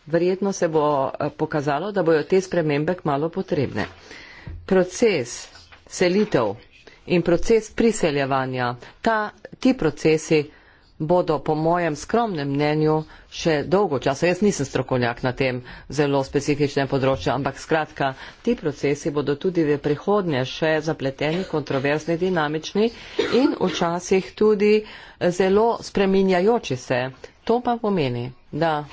Verjetno se bo eh, pokazalo, da bojo te spremembe kmalo potrebne. Proces selitev in proces priseljevanja, ta, ti procesi bodo po mojem skromnem mnenju še dolgo časa, jaz nisem strokovnjak na tem zelo specifičnem področju, ampak skratka, ti procesi bodo tudi v prihodnje še zapleteni, kontroverzni, dinamični in včasih tudi zelo spreminjajoči se. To pa pomeni, da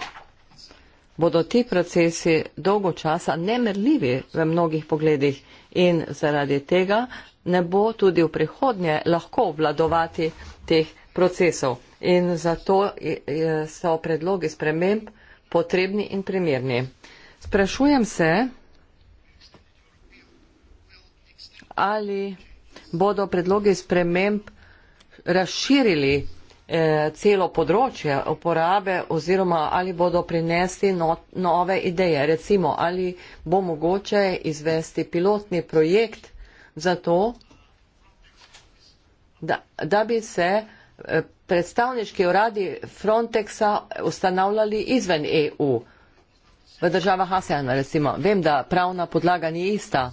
bodo ti procesi dolgo časa nemerljivi v mnogih pogledih in zaradi tega ne bo tudi v prihodnje lahko vladovati teh procesov in zato so predlogi sprememb potrebni in primerni. Sprašujem se, ali bodo predlogi sprememb razširili eh, celo področje uporabe oziroma ali bodo prinesli no, nove ideje. Recimo, ali bo mogoče izvesti pilotni projekt za to, da, da bi se eh, predstavniški uradi Frontexa ustanavljali izven EU, v državah ASEAN recimo. Vem, da pravna podlaga ni ista.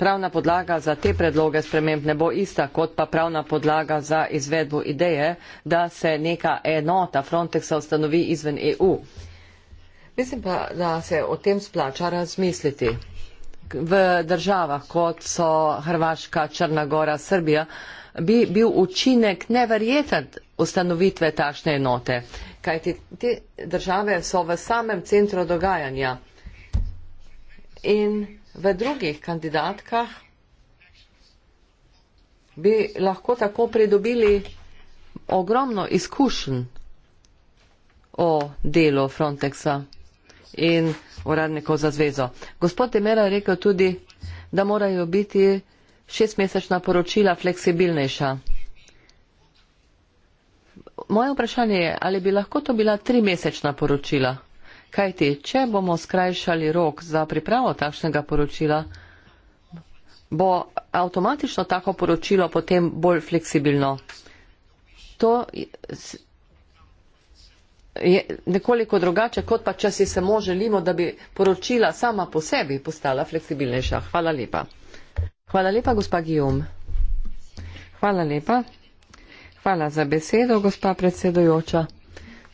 Pravna podlaga za te predloge sprememb ne bo ista, kot pa pravna podlaga za izvedbo ideje, da se neka enota Frontexa ustanovi izven EU. Mislim pa, da se o tem splača razmisliti. V državah, kot so Hrvaška, Črna Gora, Srbija, bi bil učinek neverjeten ustanovitve tašne enote, kajti te države so v samem centru dogajanja. In v drugih kandidatkah bi lahko tako pridobili ogromno izkušenj o delu Frontexa in uradnikov za zvezo. Gospod Temera je rekel tudi, da morajo biti šestmesečna poročila fleksibilnejša. Moje vprašanje je, ali bi lahko to bila trimesečna poročila? Kajti, če bomo skrajšali rok za pripravo takšnega poročila, bo avtomatično tako poročilo potem bolj fleksibilno. To je nekoliko drugače, kot pa če si samo želimo, da bi poročila sama po sebi postala fleksibilnejša. Hvala lepa. Hvala lepa, gospa Gijom. Hvala lepa. Hvala za besedo, gospa predsedujoča.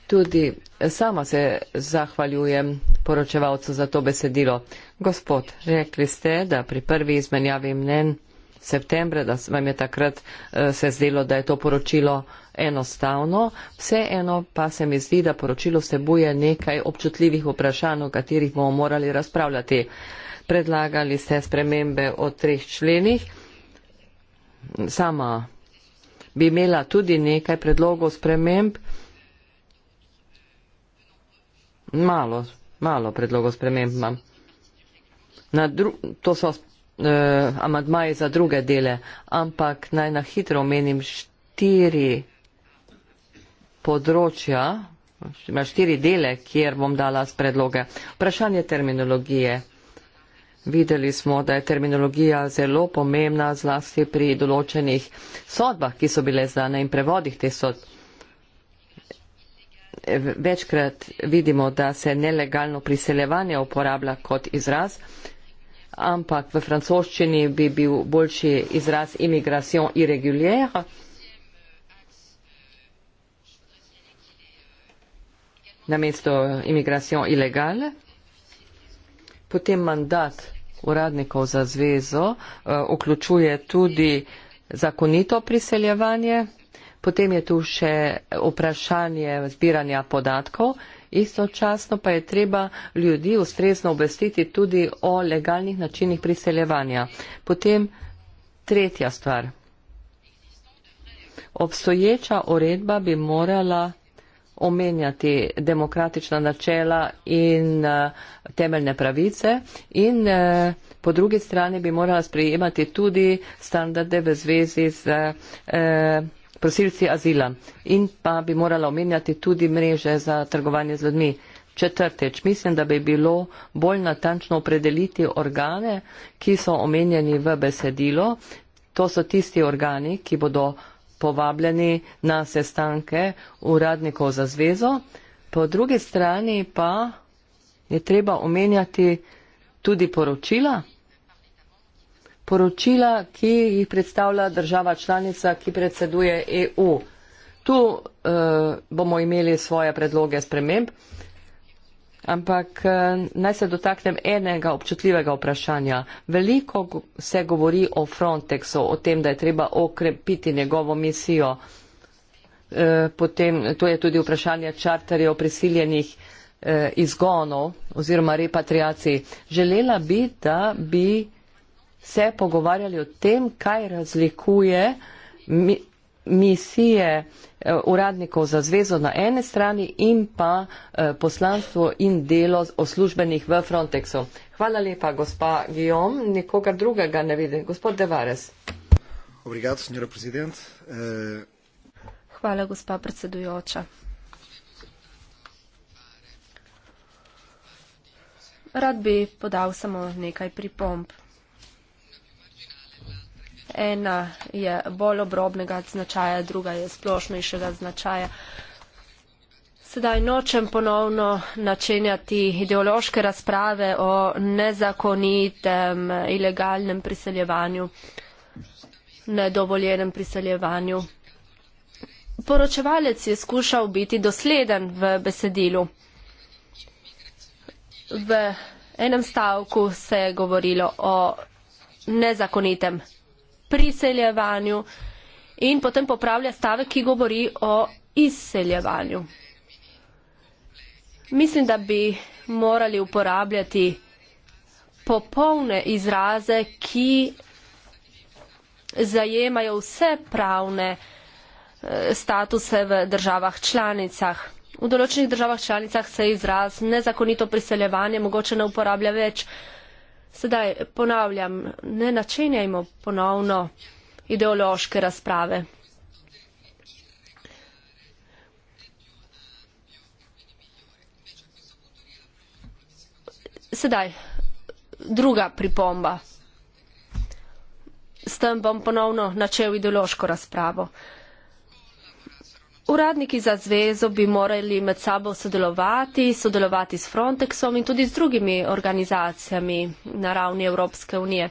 Tudi sama se zahvaljujem poročevalcu za to besedilo. Gospod, rekli ste, da pri prvi izmenjavi mnen septembra, da vam je takrat eh, se zdelo, da je to poročilo enostavno. Vseeno pa se mi zdi, da poročilo sebuje nekaj občutljivih vprašanj, o katerih bomo morali razpravljati predlagali ste spremembe o treh členih. Sama bi imela tudi nekaj predlogov sprememb. Malo, malo predlogov sprememb imam. To so eh, amadmaji za druge dele, ampak naj na hitro omenim štiri področja, štiri dele, kjer bom dala predloge. Vprašanje terminologije. Videli smo, da je terminologija zelo pomembna, zlasti pri določenih sodbah, ki so bile zdane in prevodih te sodb. Večkrat vidimo, da se nelegalno priseljevanje uporablja kot izraz, ampak v francoščini bi bil boljši izraz imigracijo irregulier. Namesto imigracijo ilegale potem mandat uradnikov za zvezo eh, vključuje tudi zakonito priseljevanje, potem je tu še vprašanje zbiranja podatkov, istočasno pa je treba ljudi ustrezno obvestiti tudi o legalnih načinih priseljevanja. Potem tretja stvar. Obstoječa uredba bi morala omenjati demokratična načela in eh, temeljne pravice in eh, po drugi strani bi morala sprejemati tudi standarde v zvezi z eh, prosilci azila in pa bi morala omenjati tudi mreže za trgovanje z ljudmi. Četrtič, mislim, da bi bilo bolj natančno opredeliti organe, ki so omenjeni v besedilo. To so tisti organi, ki bodo povabljeni na sestanke uradnikov za zvezo, po drugi strani pa je treba omenjati tudi poročila, poročila, ki jih predstavlja država članica, ki predseduje EU. Tu uh, bomo imeli svoje predloge sprememb. Ampak eh, naj se dotaknem enega občutljivega vprašanja. Veliko se govori o Frontexu, o tem, da je treba okrepiti njegovo misijo. E, potem, to je tudi vprašanje čarterjev prisiljenih e, izgonov oziroma repatriacij. Želela bi, da bi se pogovarjali o tem, kaj razlikuje mi, misije eh, uradnikov za zvezo na eni strani in pa eh, poslanstvo in delo oslužbenih v Frontexu. Hvala lepa, gospa Guillaume. Nikogar drugega ne vidim. Gospod Devares. Obrigado, senjora prezident. Eh, Hvala, gospa predsedujoča. Rad bi podal samo nekaj pripomb ena je bolj obrobnega značaja, druga je splošnejšega značaja. Sedaj nočem ponovno načenjati ideološke razprave o nezakonitem, ilegalnem priseljevanju, nedovoljenem priseljevanju. Poročevalec je skušal biti dosleden v besedilu. V enem stavku se je govorilo o nezakonitem priseljevanju in potem popravlja stavek, ki govori o izseljevanju. Mislim, da bi morali uporabljati popolne izraze, ki zajemajo vse pravne eh, statuse v državah članicah. V določenih državah članicah se izraz nezakonito priseljevanje mogoče ne uporablja več. Sedaj ponavljam, ne načenjajmo ponovno ideološke razprave. Sedaj, druga pripomba. S tem bom ponovno načel ideološko razpravo. Uradniki za zvezo bi morali med sabo sodelovati, sodelovati s Frontexom in tudi z drugimi organizacijami na ravni Evropske unije.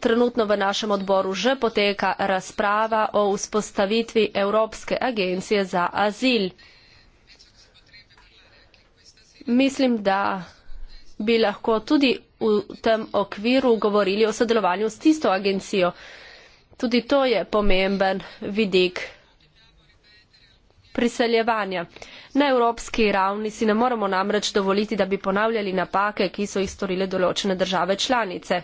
Trenutno v našem odboru že poteka razprava o vzpostavitvi Evropske agencije za azil. Mislim, da bi lahko tudi v tem okviru govorili o sodelovanju s tisto agencijo. Tudi to je pomemben vidik priseljevanja. Na evropski ravni si ne moremo namreč dovoliti, da bi ponavljali napake, ki so jih storile določene države članice.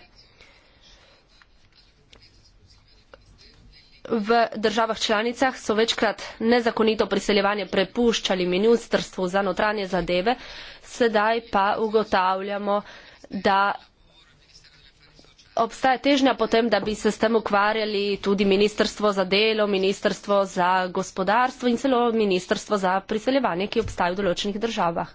V državah članicah so večkrat nezakonito priseljevanje prepuščali ministrstvu za notranje zadeve, sedaj pa ugotavljamo, da obstaja težnja potem, da bi se s tem ukvarjali tudi Ministrstvo za delo, Ministrstvo za gospodarstvo in celo Ministrstvo za priseljevanje, ki obstaja v določenih državah.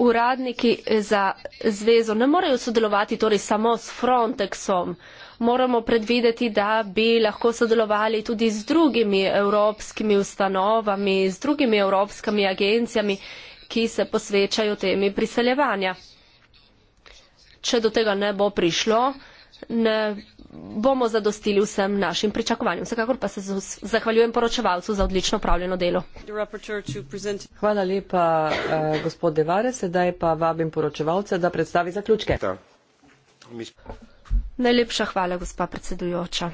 Uradniki za zvezo ne morejo sodelovati torej samo s Frontexom. Uh, moramo predvideti, da bi lahko sodelovali tudi z drugimi evropskimi ustanovami, z drugimi evropskimi agencijami, ki se posvečajo temi priseljevanja. Če do tega ne bo prišlo, ne bomo zadostili vsem našim pričakovanjem. Vsekakor pa se zahvaljujem poročevalcu za odlično upravljeno delo. Hvala lepa, uh, gospod Devare. Sedaj pa vabim poročevalca, da predstavi zaključke. Ta. Najlepša hvala, gospa predsedujoča.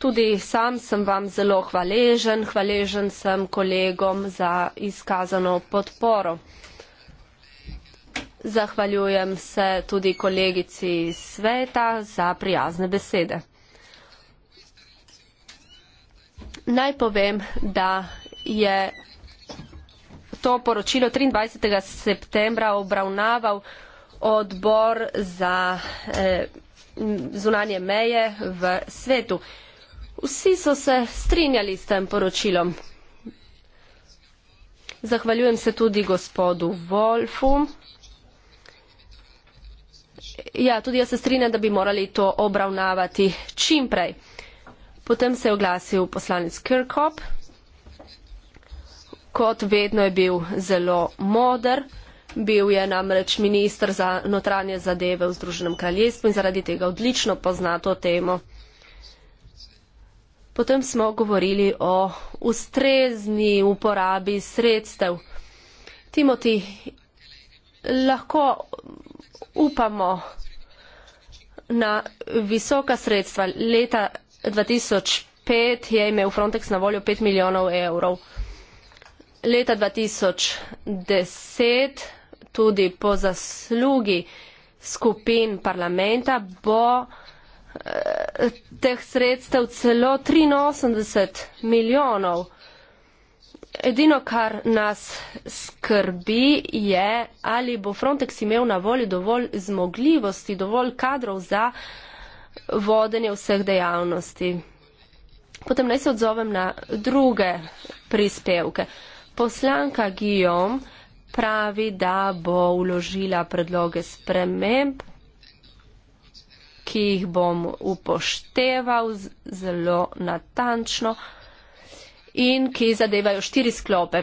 Tudi sam sem vam zelo hvaležen, hvaležen sem kolegom za izkazano podporo. Zahvaljujem se tudi kolegici sveta za prijazne besede. Naj povem, da je to poročilo 23. septembra obravnaval odbor za eh, zunanje meje v svetu. Vsi so se strinjali s tem poročilom. Zahvaljujem se tudi gospodu Wolfu. Ja, tudi jaz se strinjam, da bi morali to obravnavati čimprej. Potem se je oglasil poslanec Kirkhope kot vedno je bil zelo moder. Bil je namreč ministr za notranje zadeve v Združenem kraljestvu in zaradi tega odlično pozna to temo. Potem smo govorili o ustrezni uporabi sredstev. Timoti, lahko upamo na visoka sredstva. Leta 2005 je imel Frontex na voljo 5 milijonov evrov leta 2010, tudi po zaslugi skupin parlamenta, bo eh, teh sredstev celo 83 milijonov. Edino, kar nas skrbi, je, ali bo Frontex imel na voljo dovolj zmogljivosti, dovolj kadrov za vodenje vseh dejavnosti. Potem naj se odzovem na druge prispevke. Poslanka Gijom pravi, da bo uložila predloge sprememb, ki jih bom upošteval zelo natančno in ki zadevajo štiri sklope.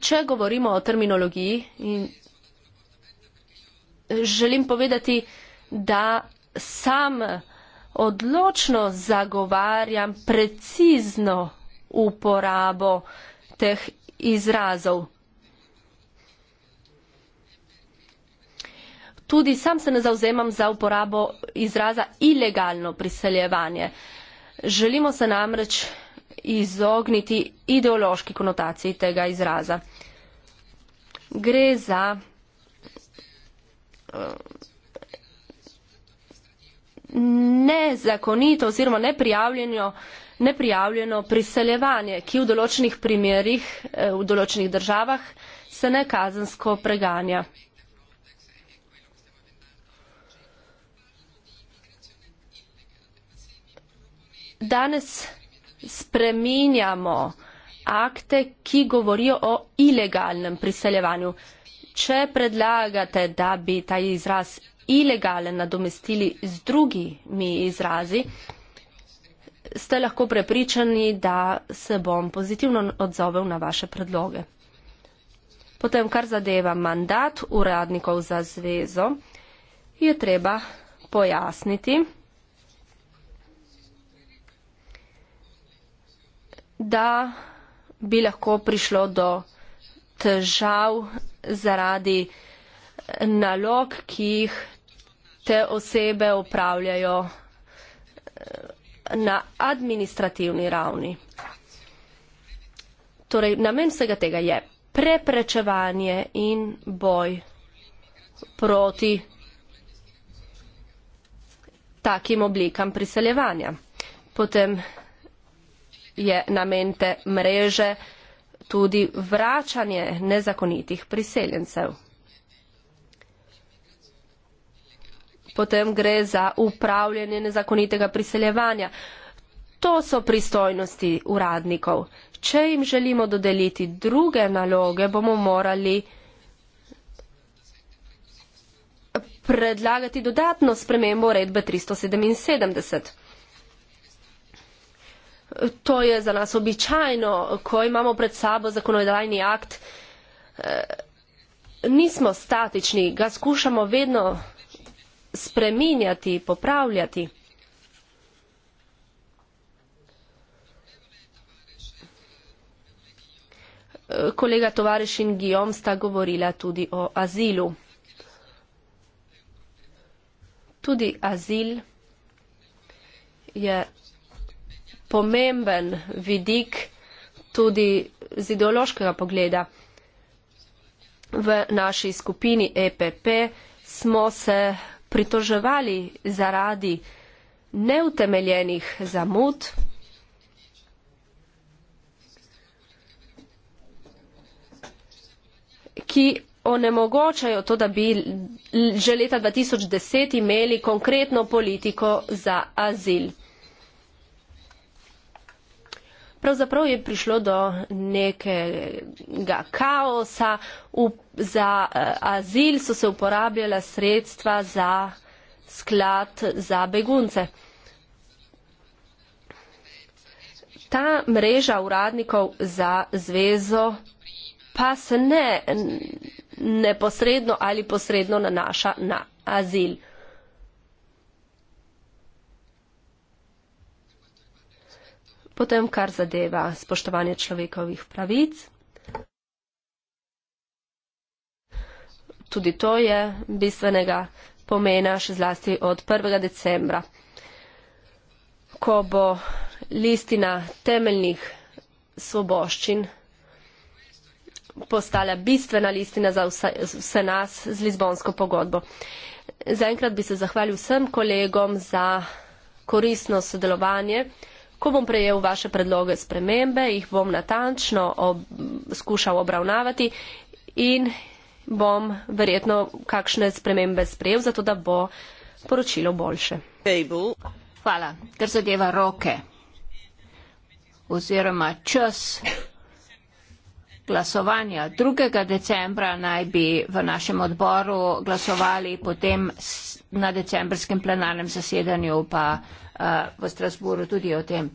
Če govorimo o terminologiji, želim povedati, da sam odločno zagovarjam precizno uporabo teh izrazov. Tudi sam se ne zauzemam za uporabo izraza ilegalno priseljevanje. Želimo se namreč izogniti ideološki konotaciji tega izraza. Gre za eh, nezakonito oziroma neprijavljeno neprijavljeno priseljevanje, ki v določenih primerjih eh, v določenih državah se ne kazensko preganja. Danes spreminjamo akte, ki govorijo o ilegalnem priseljevanju. Če predlagate, da bi ta izraz ilegalen nadomestili z drugimi izrazi, ste lahko prepričani, da se bom pozitivno odzovel na vaše predloge. Potem, kar zadeva mandat uradnikov za zvezo, je treba pojasniti, da bi lahko prišlo do težav zaradi nalog, ki jih te osebe upravljajo na administrativni ravni. Torej, namen vsega tega je preprečevanje in boj proti takim oblikam priseljevanja. Potem je namen te mreže tudi vračanje nezakonitih priseljencev. potem gre za upravljanje nezakonitega priseljevanja. To so pristojnosti uradnikov. Če jim želimo dodeliti druge naloge, bomo morali predlagati dodatno spremembo redbe 377. To je za nas običajno, ko imamo pred sabo zakonodajni akt. Eh, nismo statični, ga skušamo vedno spreminjati, popravljati. Kolega Tovareš in Guillaume sta govorila tudi o azilu. Tudi azil je pomemben vidik tudi z ideološkega pogleda. V naši skupini EPP smo se pritoževali zaradi neutemeljenih zamud, ki onemogočajo to, da bi že leta 2010 imeli konkretno politiko za azil pravzaprav je prišlo do nekega kaosa, v, za uh, azil so se uporabljala sredstva za sklad za begunce. Ta mreža uradnikov za zvezo pa se ne neposredno ali posredno nanaša na azil. potem kar zadeva spoštovanje človekovih pravic. Tudi to je bistvenega pomena, še zlasti od 1. decembra, ko bo listina temeljnih svoboščin postala bistvena listina za vse, vse nas z Lizbonsko pogodbo. Zaenkrat bi se zahvalil vsem kolegom za koristno sodelovanje. Ko bom prejel vaše predloge spremembe, jih bom natančno ob, skušal obravnavati in bom verjetno kakšne spremembe sprejel, zato da bo poročilo boljše. Hvala. Kar zadeva roke oziroma čas glasovanja. 2. decembra naj bi v našem odboru glasovali, potem na decembrskem plenarnem zasedanju pa uh, v Strasburu tudi o tem.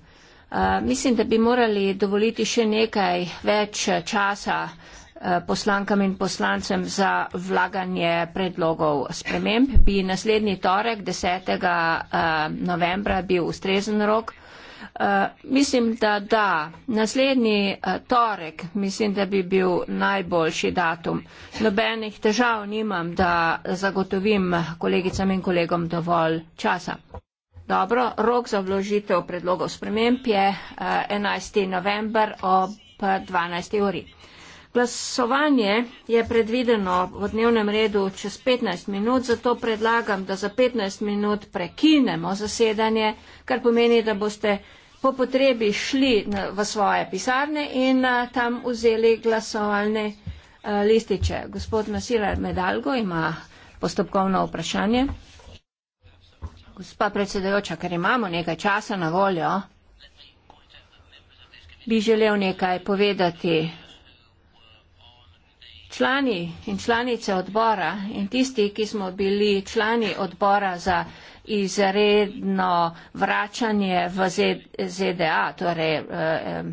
Uh, mislim, da bi morali dovoliti še nekaj več časa eh, poslankam in poslancem za vlaganje predlogov sprememb. Bi naslednji torek, 10. novembra, bil ustrezen rok, Eh, mislim, da da. Naslednji uh, torek mislim, da bi bil najboljši datum. Nobenih težav nimam, da zagotovim kolegicam in kolegom dovolj časa. Dobro, rok za vložitev predlogov sprememb je uh, eh, 11. november ob 12. uri. Glasovanje je predvideno v dnevnem redu čez 15 minut, zato predlagam, da za 15 minut prekinemo zasedanje, kar pomeni, da boste po potrebi šli v svoje pisarne in eh, tam vzeli glasovalne eh, lističe. Gospod Masilar Medalgo ima postopkovno vprašanje. Gospa predsedojoča, ker imamo nekaj časa na voljo, bi želel nekaj povedati Člani in članice odbora in tisti, ki smo bili člani odbora za izredno vračanje v ZDA, torej eh,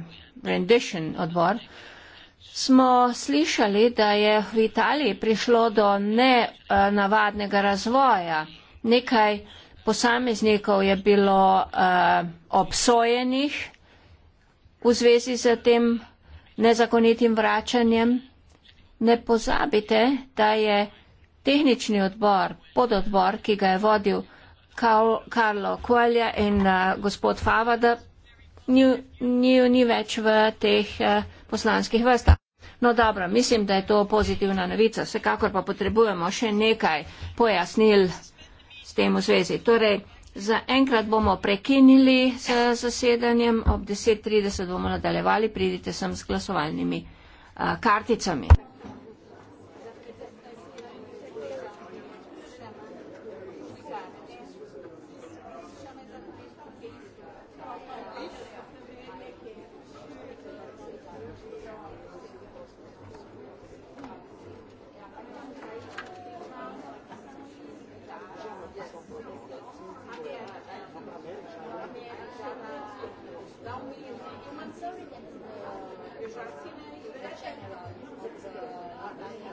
rendition odbor, smo slišali, da je v Italiji prišlo do nenavadnega razvoja. Nekaj posameznikov je bilo eh, obsojenih v zvezi z tem nezakonitim vračanjem. Ne pozabite, da je tehnični odbor, pododbor, ki ga je vodil Karlo Kualja in uh, gospod Favada, ni, ni, ni več v teh uh, poslanskih vrstah. No dobro, mislim, da je to pozitivna novica. Vsekakor pa potrebujemo še nekaj pojasnil s tem v zvezi. Torej, za enkrat bomo prekinili s zasedanjem, ob 10.30 bomo nadaljevali, pridite sem s glasovalnimi uh, karticami. Yeah.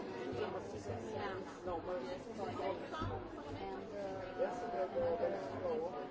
No, but yeah. and uh, yeah. another, uh,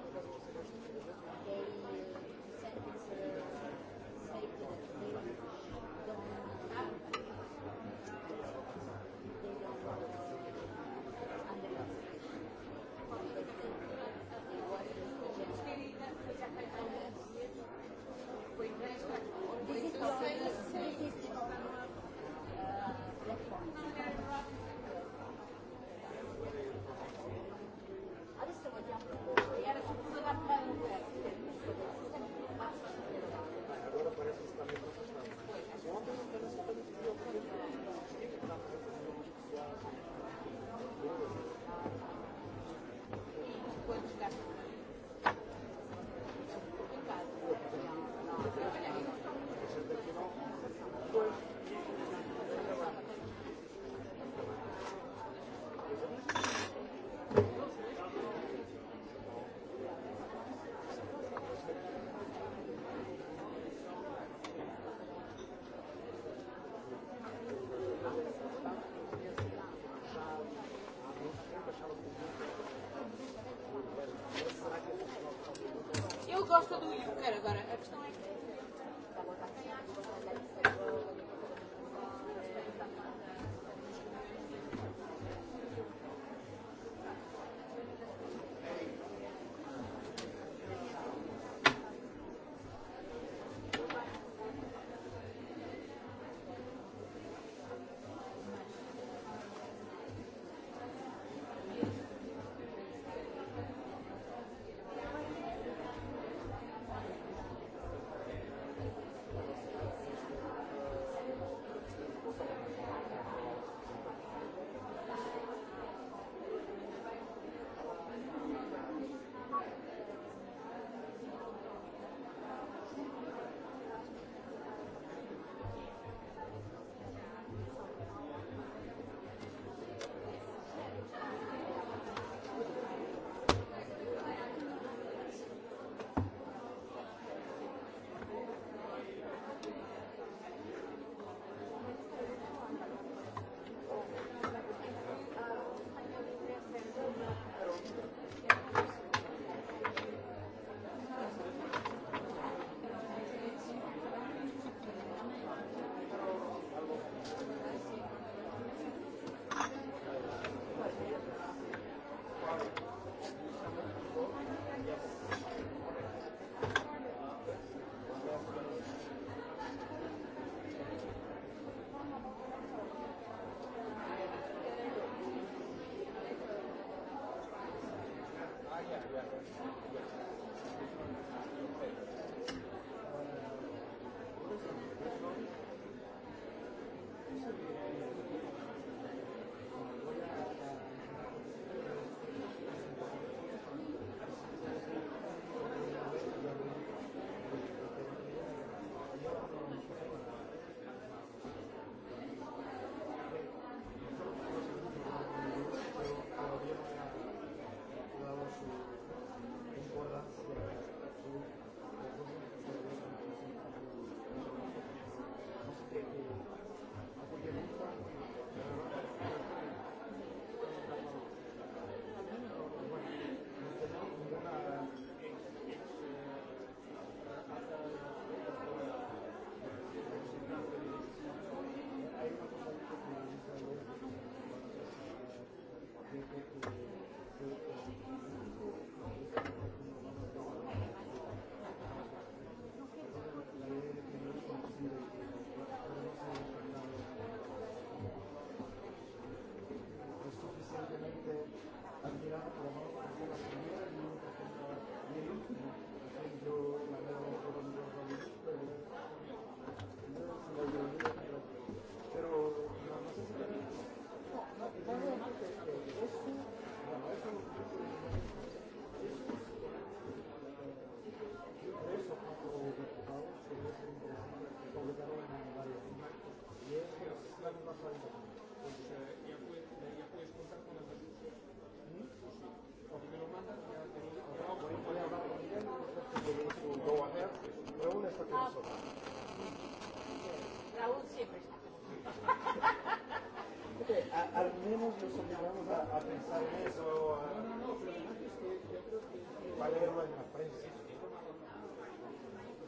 eso empezamos a, a pensar en eso. No, no, no, pero además es que yo creo que. Vale, bueno, en la prensa.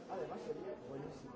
Además sería buenísimo.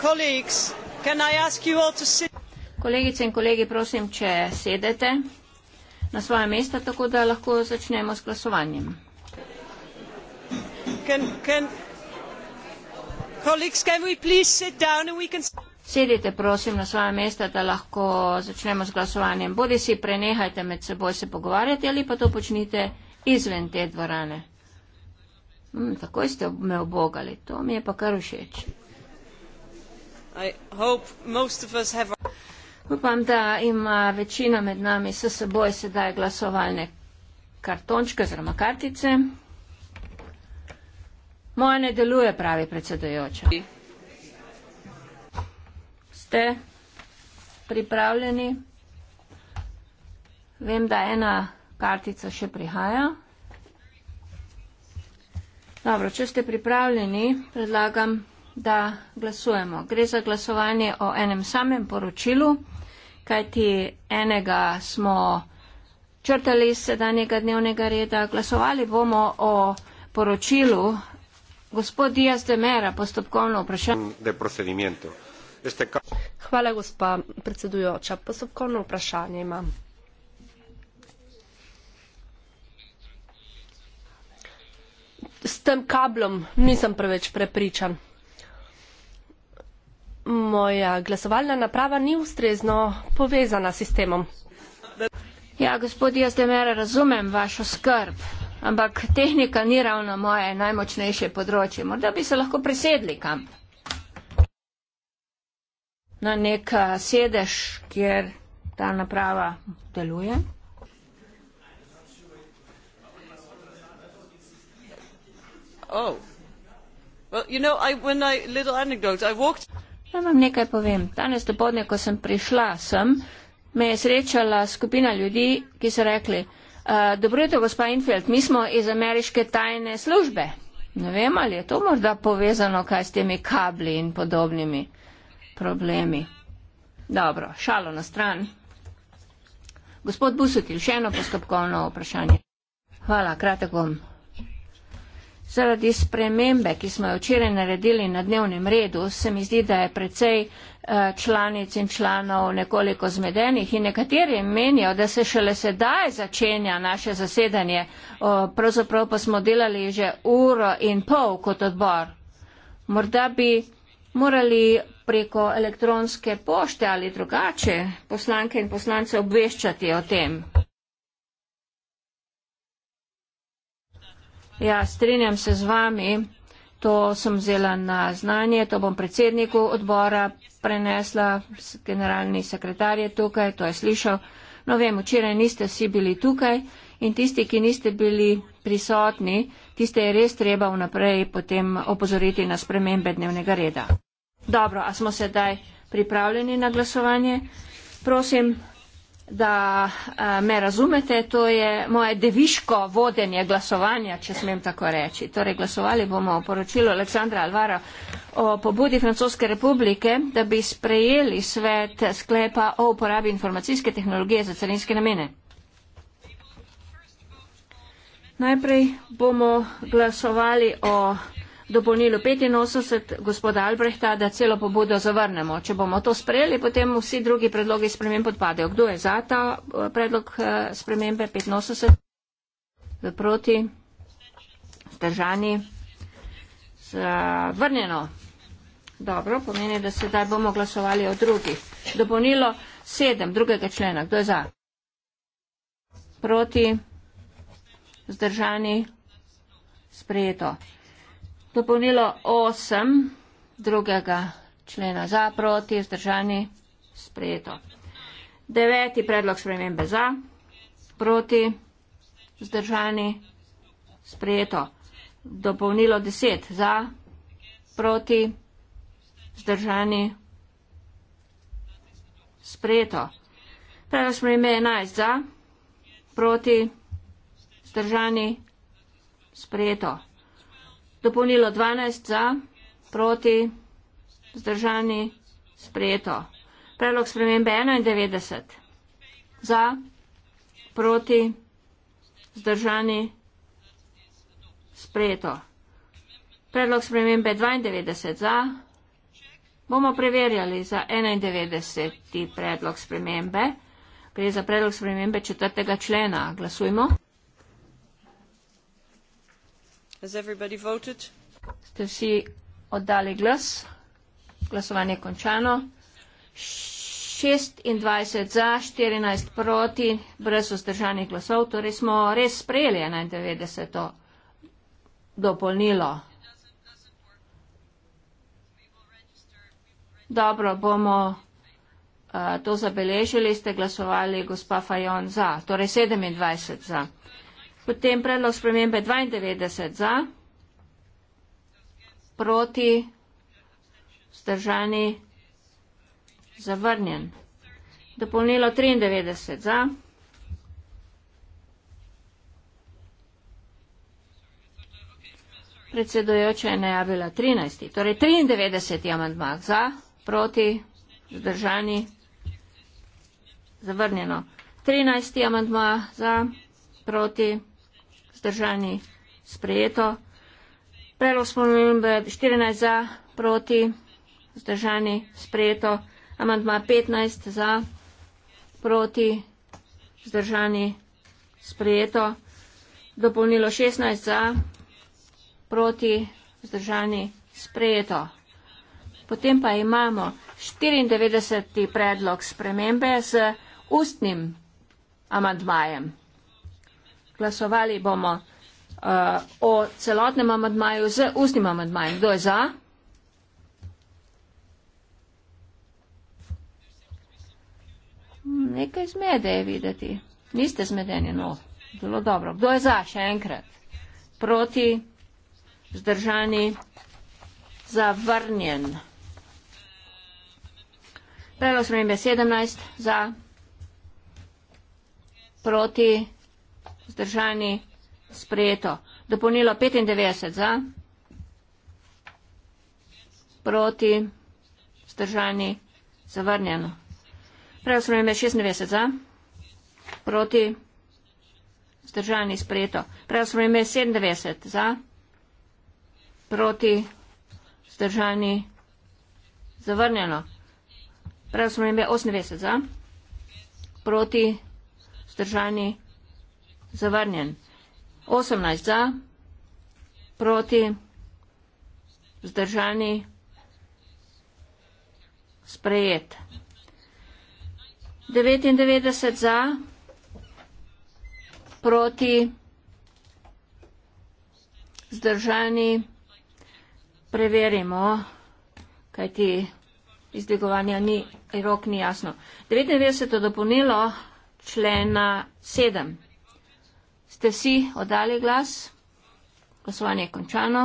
Kolegice in kolegi, prosim, če sedete na svoje mesta, tako da lahko začnemo s glasovanjem. Sedite, prosim, na svoje mesta, da lahko začnemo s glasovanjem. Bodi si prenehajte med seboj se pogovarjati ali pa to počnite izven te dvorane. Hmm, takoj ste me obogali, to mi je pa kar všeč. Upam, da ima večina med nami s seboj sedaj glasovalne kartončke oziroma kartice. Moja ne deluje, pravi predsedujoča. Ste pripravljeni? Vem, da ena kartica še prihaja. Dobro, če ste pripravljeni, predlagam da glasujemo. Gre za glasovanje o enem samem poročilu, kajti enega smo črtali iz sedanjega dnevnega reda. Glasovali bomo o poročilu gospod Dijas de Mera, postopkovno vprašanje. Hvala, gospa predsedujoča. Postopkovno vprašanje imam. S tem kablom nisem preveč prepričan moja glasovalna naprava ni ustrezno povezana s sistemom. Ja, gospod, jaz te mere razumem vašo skrb, ampak tehnika ni ravno moje najmočnejše področje. Morda bi se lahko presedli kam. Na nek sedež, kjer ta naprava deluje. Oh. Well, you know, I, when I, little anecdote, I walked. Naj ja, vam nekaj povem. Danes dopoledne, ko sem prišla sem, me je srečala skupina ljudi, ki so rekli, uh, dobro jutro, gospa Infeld, mi smo iz ameriške tajne službe. Ne vem, ali je to morda povezano kaj s temi kabli in podobnimi problemi. Dobro, šalo na stran. Gospod Busutil, še eno postopkovno vprašanje. Hvala, kratek bom. Zaradi spremembe, ki smo jo včeraj naredili na dnevnem redu, se mi zdi, da je precej eh, članic in članov nekoliko zmedenih in nekateri menijo, da se šele sedaj začenja naše zasedanje. Pravzaprav pa smo delali že uro in pol kot odbor. Morda bi morali preko elektronske pošte ali drugače poslanke in poslance obveščati o tem. Ja, strinjam se z vami. To sem vzela na znanje, to bom predsedniku odbora prenesla, generalni sekretar je tukaj, to je slišal. No vem, včeraj niste vsi bili tukaj in tisti, ki niste bili prisotni, tiste je res treba vnaprej potem opozoriti na spremembe dnevnega reda. Dobro, a smo sedaj pripravljeni na glasovanje? Prosim, da a, eh, me razumete, to je moje deviško vodenje glasovanja, če smem tako reči. Torej, glasovali bomo o poročilu Aleksandra Alvara o pobudi Francoske republike, da bi sprejeli svet sklepa o uporabi informacijske tehnologije za carinske namene. Najprej bomo glasovali o dopolnilu 85 gospoda Albrehta, da celo pobudo zavrnemo. Če bomo to sprejeli, potem vsi drugi predlogi spremem podpadejo. Kdo je za ta eh, predlog eh, spremembe 85? Proti? Zdržani? Zavrnjeno? Dobro, pomeni, da sedaj bomo glasovali o drugih. Dopolnilo 7 drugega člena. Kdo je za? Proti? Zdržani? Sprejeto. Dopolnilo 8 drugega člena za, proti, zdržani, sprejeto. Deveti predlog spremembe za, proti, zdržani, sprejeto. Dopolnilo 10 za, proti, zdržani, sprejeto. Predlog spremembe 11 za, proti, zdržani, sprejeto. Dopolnilo 12 za, proti, zdržani, sprejeto. Predlog spremembe 91. Za, proti, zdržani, sprejeto. Predlog spremembe 92. Za, bomo preverjali za 91. predlog spremembe. Gre za predlog spremembe 4. člena. Glasujmo. Has everybody voted? Ste vsi oddali glas? Glasovanje je končano. 26 za, 14 proti, brez vzdržanih glasov. Torej smo res sprejeli 91. dopolnilo. Dobro, bomo uh, to zabeležili. Ste glasovali, gospa Fajon, za. Torej 27 za. Potem predlog spremembe 92 za, proti, zdržani, zavrnjen. Dopolnilo 93 za. Predsedujoča je najavila 13. Torej 93 je amantmah za, proti, zdržani, zavrnjeno. 13 je amantmah za, proti, zdržani vzdržani, sprejeto. Predlog spomembe 14 za, proti, vzdržani, sprejeto. Amandma 15 za, proti, vzdržani, sprejeto. Dopolnilo 16 za, proti, vzdržani, sprejeto. Potem pa imamo 94. predlog spremembe z ustnim amandmajem. Glasovali bomo uh, o celotnem amadmaju z ustnim amadmajem. Kdo je za? Hmm, nekaj zmede je videti. Niste zmedeni, no. Zelo dobro. Kdo je za? Še enkrat. Proti, zdržani, zavrnjen. Predlog spremembe 17 za, proti, Zdržani sprejeto. Dopolnilo 95 za. Proti. Zdržani zavrnjeno. Prav smo imeli 96 za. Proti. Zdržani sprejeto. Prav smo imeli 97 za. Proti. Zdržani zavrnjeno. Prav smo imeli 98 za. Proti. Zdržani zavrnjeno zavrnjen. 18 za, proti, zdržani, sprejet. 99 za, proti, zdržani, preverimo, kaj ti izdegovanja ni, rok ni jasno. 99 je dopolnilo člena 7. Ste si oddali glas? Glasovanje je končano.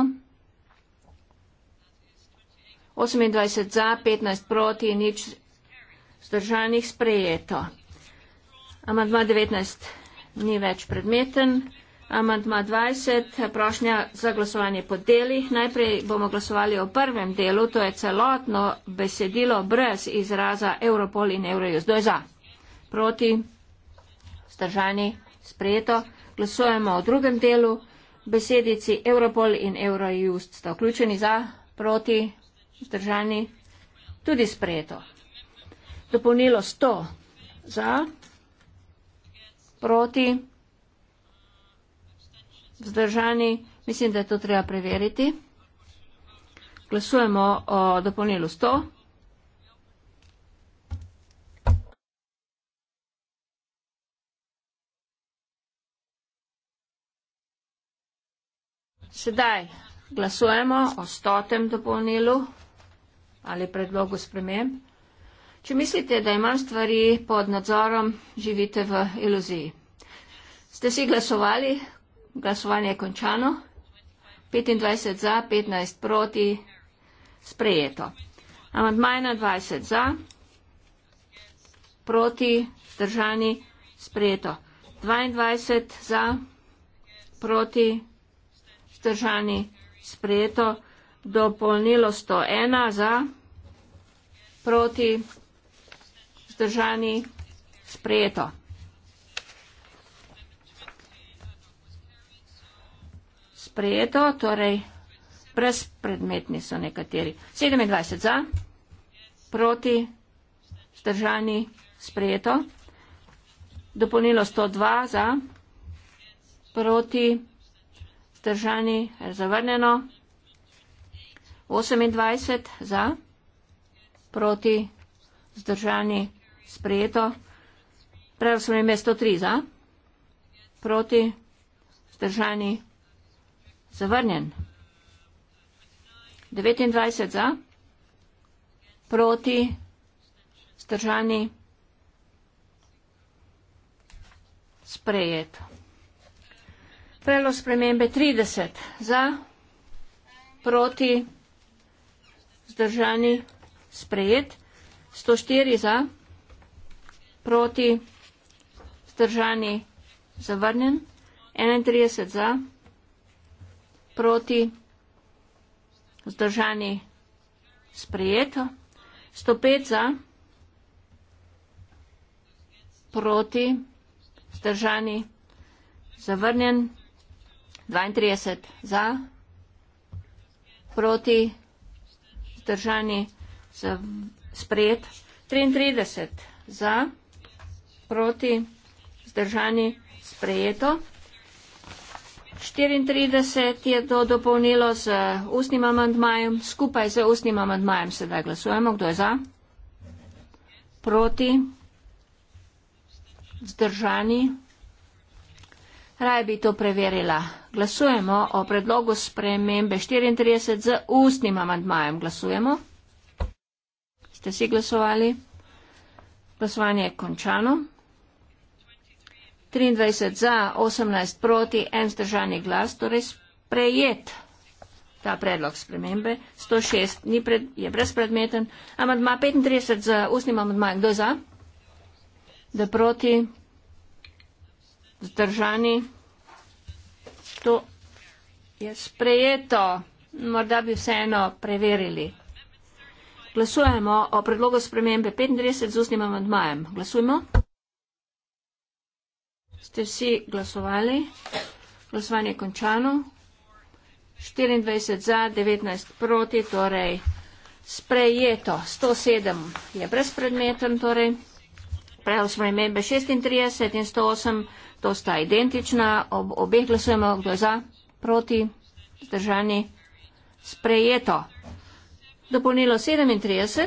28 za, 15 proti, nič zdržanih sprejeto. Amandma 19 ni več predmeten. Amandma 20, prošnja za glasovanje po delih. Najprej bomo glasovali o prvem delu, to je celotno besedilo brez izraza Europol in Eurojust. Kdo je za? Proti? Zdržani? Sprejeto? Glasujemo o drugem delu. Besedici Europol in Eurojust sta vključeni za, proti, vzdržani, tudi sprejeto. Dopolnilo 100 za, proti, vzdržani, mislim, da je to treba preveriti. Glasujemo o dopolnilu 100. Sedaj glasujemo o stotem dopolnilu ali predlogu sprememb. Če mislite, da imam stvari pod nadzorom, živite v iluziji. Ste si glasovali? Glasovanje je končano. 25 za, 15 proti, sprejeto. Amandmaj na 20 za, proti, zdržani, sprejeto. 22 za, proti, zdržani vzdržani, sprejeto dopolnilo 101 za, proti, vzdržani, sprejeto. Sprejeto, torej brezpredmetni so nekateri. 27 za, proti, vzdržani, sprejeto. Dopolnilo 102 za, proti, vzdržani, sprejeto vzdržani, zavrnjeno. 28 za, proti, vzdržani, sprejeto. Prav smo imeli 103 za, proti, vzdržani, zavrnjen. 29 za, proti, vzdržani, sprejeto predlog spremembe 30 za, proti, zdržani, sprejet, 104 za, proti, zdržani, zavrnjen, 31 za, proti, zdržani, sprejeto, 105 za, proti, zdržani, zavrnjen, 32 za, proti, zdržani, sprejet, 33 za, proti, zdržani, sprejeto. 34 je to dopolnilo z ustnim amandmajem, skupaj z ustnim amandmajem sedaj glasujemo, kdo je za, proti, zdržani, sprejeto. Raje bi to preverila. Glasujemo o predlogu spremembe 34 z ustnim amandmajem. Glasujemo. Ste si glasovali? Glasovanje je končano. 23 za, 18 proti, en zdržani glas, torej sprejet ta predlog spremembe. 106 pred, je brezpredmeten. Amandma 35 z ustnim amandmajem. Kdo je za? Da proti zdržani. To je sprejeto. Morda bi vseeno preverili. Glasujemo o predlogu spremembe 35 z ustnim amandmajem. Glasujemo. Ste vsi glasovali? Glasovanje je končano. 24 za, 19 proti, torej sprejeto. 107 je brezpredmeten, torej predlog spremembe 36 in 108. To sta identična, ob obeh glasujemo kdo za, proti, zdržani, sprejeto. Dopolnilo 37.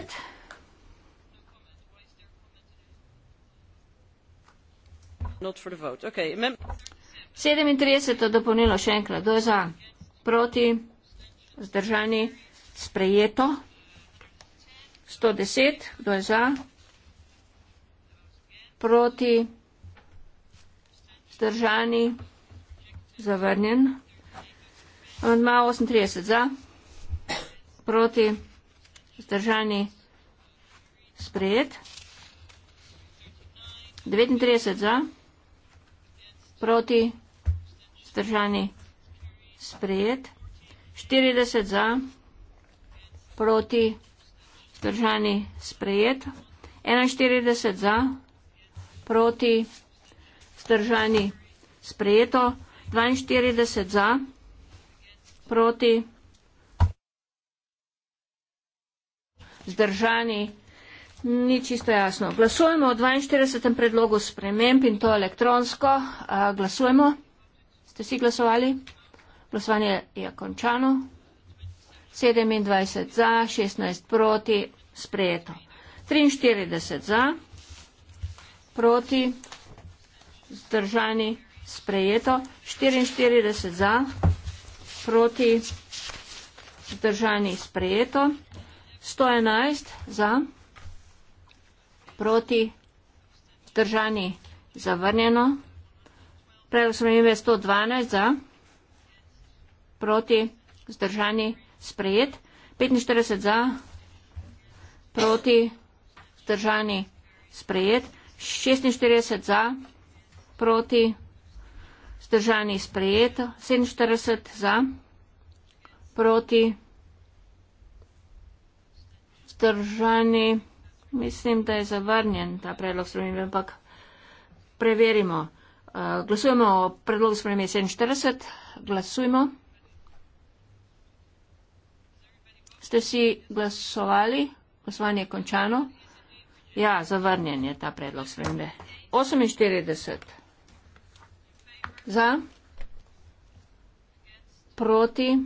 Not for the vote. Okay. 37. dopolnilo še enkrat. Kdo je za? Proti. Zdržani. Sprejeto. 110. Kdo je za? Proti vzdržani, zavrnjen. Amandma 38 za, proti, vzdržani, sprejet. 39 za, proti, vzdržani, sprejet. 40 za, proti, vzdržani, sprejet. 41 za, proti, vzdržani, sprejet vzdržani. Sprejeto 42 za, proti vzdržani. Ni čisto jasno. Glasujemo o 42. predlogu sprememb in to elektronsko. Glasujemo. Ste si glasovali? Glasovanje je končano. 27 za, 16 proti, sprejeto. 43 za, proti, vzdržani, sprejeto, 44 za, proti, vzdržani, sprejeto, 111 za, proti, vzdržani, zavrnjeno, predlog spremembe 112 za, proti, vzdržani, sprejet, 45 za, proti, vzdržani, sprejet, 46 za, proti, vzdržani, sprejet, 46 za, proti, zdržani sprejeto, 47 za, proti, zdržani, mislim, da je zavrnjen ta predlog spremembe, ampak preverimo. Uh, glasujemo o predlogu spremembe 47, glasujmo. Ste si glasovali? Glasovanje je končano. Ja, zavrnjen je ta predlog spremembe. 48. Za? Proti?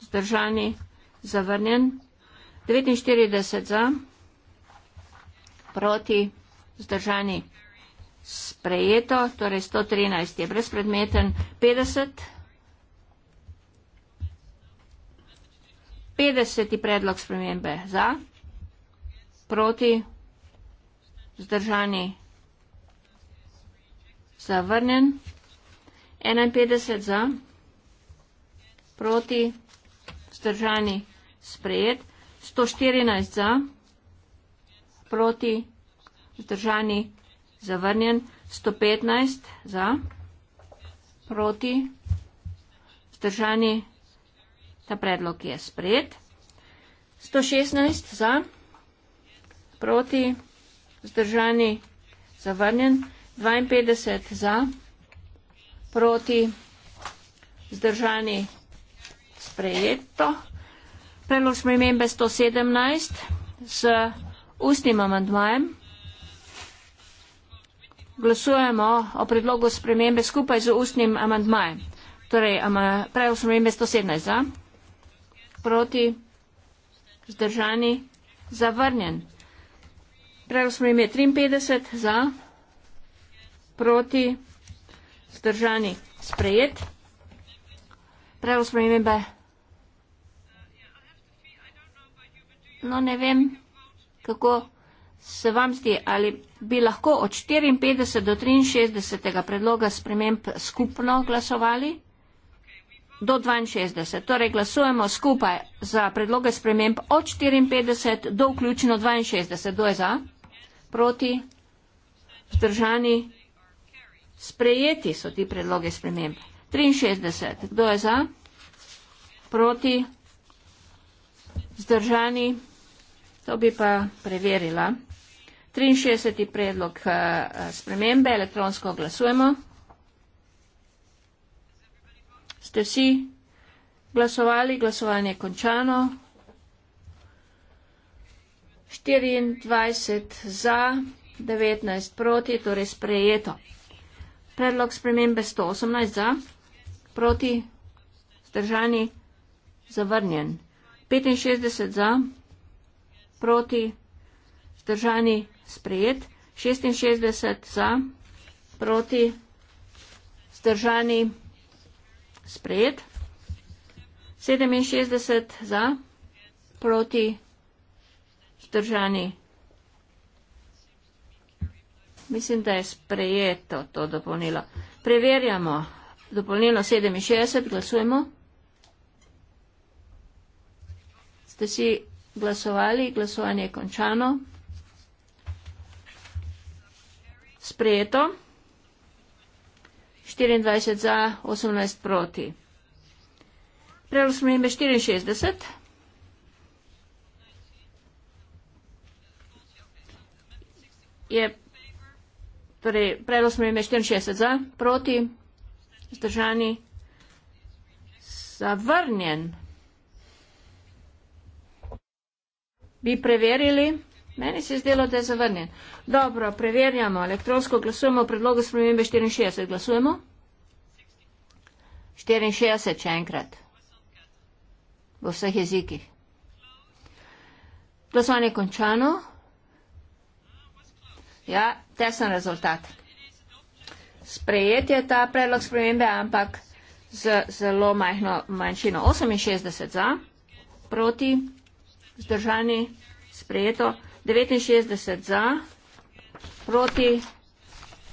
Zdržani? Zavrnjen? 49 za? Proti? Zdržani? Sprejeto, torej 113 je brezpredmeten. 50? 50 je predlog spremembe. Za? Proti? Zdržani? Zavrnjen? 51 za, proti, vzdržani, sprejet. 114 za, proti, vzdržani, zavrnjen. 115 za, proti, vzdržani, ta predlog je sprejet. 116 za, proti, vzdržani, zavrnjen. 52 za, proti, vzdržani, zavrnjen proti zdržani sprejeto. Predlog smo imembe 117 s ustnim amandmajem. Glasujemo o predlogu spremembe skupaj z ustnim amandmajem. Torej, ama, predlog spremembe 117 za, proti, zdržani, zavrnjen. Predlog spremembe 53 za, proti, zdržani. Zdržani. Sprejet. Prevo spremembe. No, ne vem, kako se vam zdi, ali bi lahko od 54 do 63. predloga sprememb skupno glasovali do 62. Torej glasujemo skupaj za predloge sprememb od 54 do vključno 62. Kdo je za? Proti? Zdržani? Sprejeti so ti predloge sprememb. 63. Kdo je za? Proti? Zdržani? To bi pa preverila. 63. predlog eh, spremembe. Elektronsko glasujemo. Ste vsi glasovali? Glasovanje je končano. 24 za, 19 proti, torej sprejeto. Predlog spremembe 118 za, proti, zdržani, zavrnjen. 65 za, proti, zdržani, sprejet. 66 za, proti, zdržani, sprejet. 67 za, proti, zdržani, sprejet. Mislim, da je sprejeto to dopolnilo. Preverjamo. Dopolnilo 67, glasujemo. Ste si glasovali, glasovanje je končano. Sprejeto. 24 za, 18 proti. Prelo smo ime 64. Je Torej, predlog smo imeli 64 za, proti, zdržani, zavrnjen. Bi preverili? Meni se je zdelo, da je zavrnjen. Dobro, preverjamo. Elektronsko glasujemo v predlogu spremembe 64. Glasujemo? 64, če enkrat. V vseh jezikih. Glasovanje je končano. Ja, tesen rezultat. Sprejet je ta predlog spremembe, ampak z zelo majhno manjšino. 68 za, proti, zdržani, sprejeto. 69 za, proti,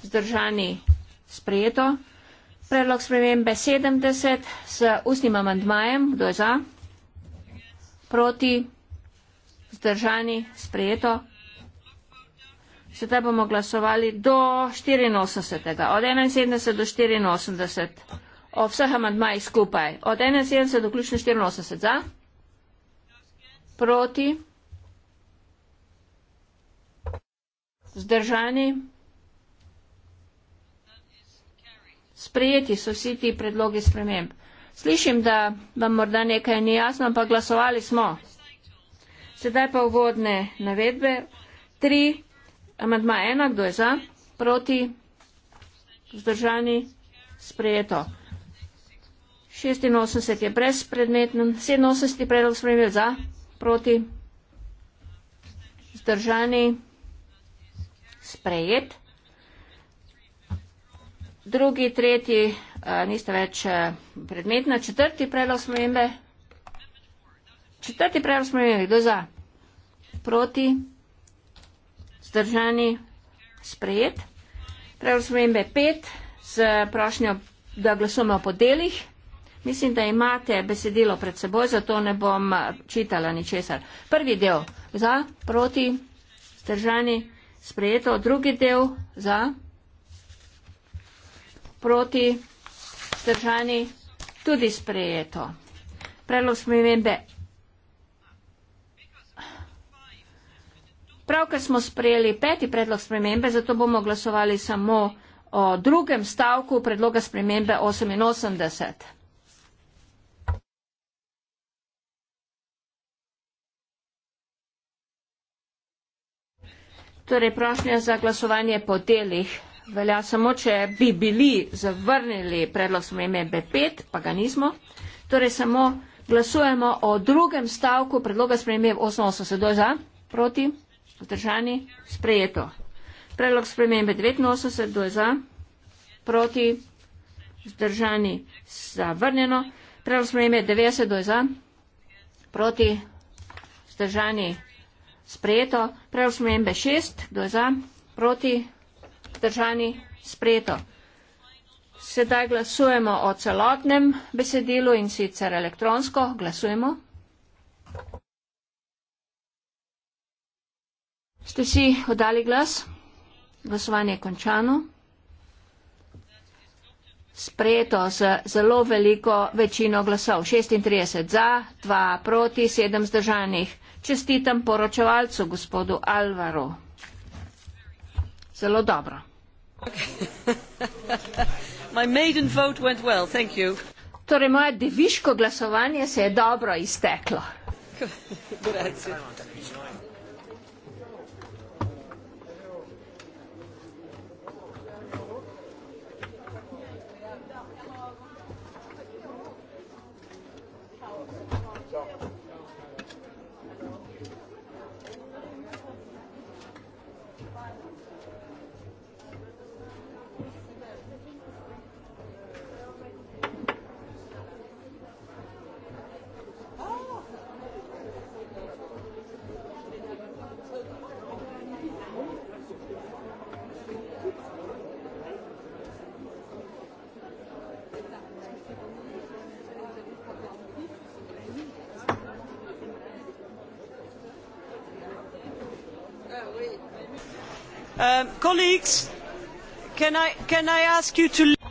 zdržani, sprejeto. Predlog spremembe 70 s ustnim amandmajem, kdo je za, proti, zdržani, sprejeto. Sedaj bomo glasovali do 84. Od 71 do 84. O vseh amantmajih skupaj. Od 71 do ključno 84. Za? Proti? Zdržani? Sprejeti so vsi ti predlogi sprememb. Slišim, da vam morda nekaj ni jasno, ampak glasovali smo. Sedaj pa uvodne navedbe. Tri Amandma ena, kdo je za? Proti? Zdržani? Sprejeto. 86 je brezpredmeten. 87 je predlog spremljal za? Proti? Zdržani? Sprejet. Drugi, tretji, eh, niste več eh, predmetna. Četrti predlog spremembe. Četrti predlog spremembe. Kdo za? Proti? vzdržani sprejet. Prevzmembe pet z prošnjo, da glasujemo po delih. Mislim, da imate besedilo pred seboj, zato ne bom eh, čitala ničesar. Prvi del za, proti, vzdržani, sprejeto. Drugi del za, proti, vzdržani, tudi sprejeto. Predlog smo imeli pravkar smo sprejeli peti predlog spremembe, zato bomo glasovali samo o drugem stavku predloga spremembe 88. Torej, prošnja za glasovanje po delih velja samo, če bi bili zavrnili predlog spremembe 5, pa ga nismo. Torej, samo glasujemo o drugem stavku predloga spremembe 88. Kdo je za? Proti? Vzdržani? Sprejeto. Predlog spremembe 89, kdo je za? Proti? Vzdržani? Zavrnjeno. Predlog spremembe 90, kdo je za? Proti? Vzdržani? Sprejeto. Predlog spremembe 6, kdo je za? Proti? Vzdržani? Sprejeto. Sedaj glasujemo o celotnem besedilu in sicer elektronsko. Glasujemo. Ste si oddali glas? Glasovanje je končano. Sprejeto z zelo veliko večino glasov. 36 za, 2 proti, 7 zdržanih. Čestitam poročevalcu, gospodu Alvaru. Zelo dobro. Well, torej, moje deviško glasovanje se je dobro izteklo. Grazie.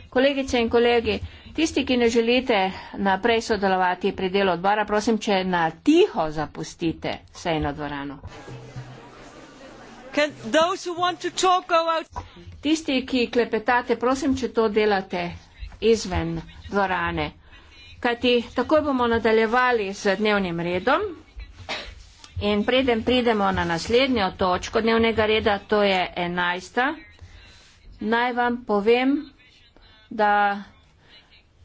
Kolegice in kolegi, tisti, ki ne želite naprej sodelovati pri delu odbora, prosim, če na tiho zapustite sejno dvorano. Tisti, ki klepetate, prosim, če to delate izven dvorane. Kajti takoj bomo nadaljevali z dnevnim redom. In preden pridemo na naslednjo točko dnevnega reda, to je enajsta, naj vam povem, da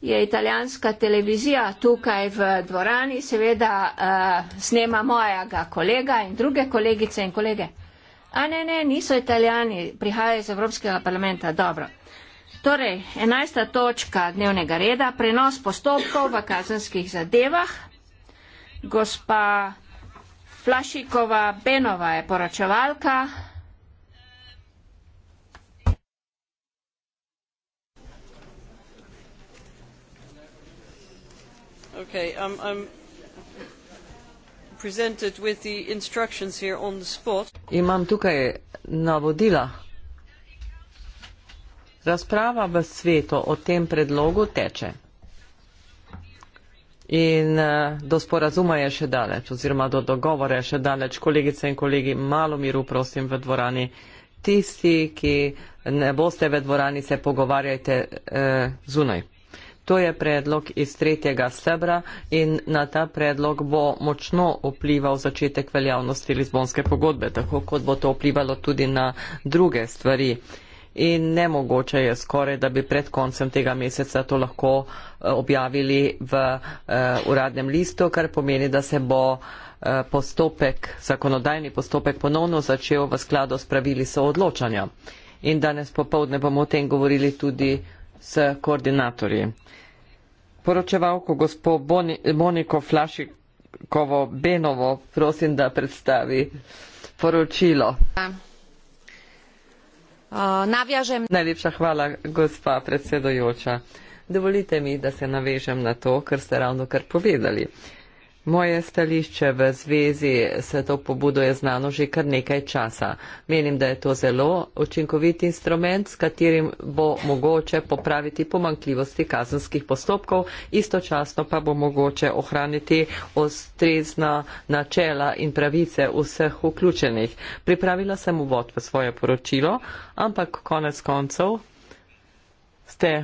je italijanska televizija tukaj v dvorani, seveda uh, snema mojega kolega in druge kolegice in kolege. A ne, ne, niso italijani, prihajajo iz Evropskega parlamenta, dobro. Torej, enajsta točka dnevnega reda, prenos postopkov v kazenskih zadevah. Gospa Plašikova Benova je poročevalka. Okay, I'm, I'm presented with the instructions here on the spot. Imam tukaj navodila. Razprava v svetu o tem predlogu teče. In eh, do sporazuma je še daleč, oziroma do dogovora je še daleč. Kolegice in kolegi, malo miru prosim v dvorani. Tisti, ki ne boste v dvorani, se pogovarjajte eh, zunaj. To je predlog iz tretjega stebra in na ta predlog bo močno vplival začetek veljavnosti Lizbonske pogodbe, tako kot bo to vplivalo tudi na druge stvari. In nemogoče je skoraj, da bi pred koncem tega meseca to lahko eh, objavili v eh, uradnem listu, kar pomeni, da se bo eh, postopek, zakonodajni postopek ponovno začel v skladu s pravili soodločanja. In danes popovdne bomo o tem govorili tudi s koordinatorji. Poročevalko gospo Boni, Moniko Flašikovo Benovo prosim, da predstavi poročilo. Uh, Najlepša hvala, gospa predsedojoča. Uh, Dovolite mi, da se navežem na to, kar ste ravno kar povedali. Moje stališče v zvezi s to pobudo je znano že kar nekaj časa. Menim, da je to zelo učinkovit instrument, s katerim bo mogoče popraviti pomankljivosti kazenskih postopkov, istočasno pa bo mogoče ohraniti ostrezna načela in pravice vseh vključenih. Pripravila sem uvod v svoje poročilo, ampak konec koncev ste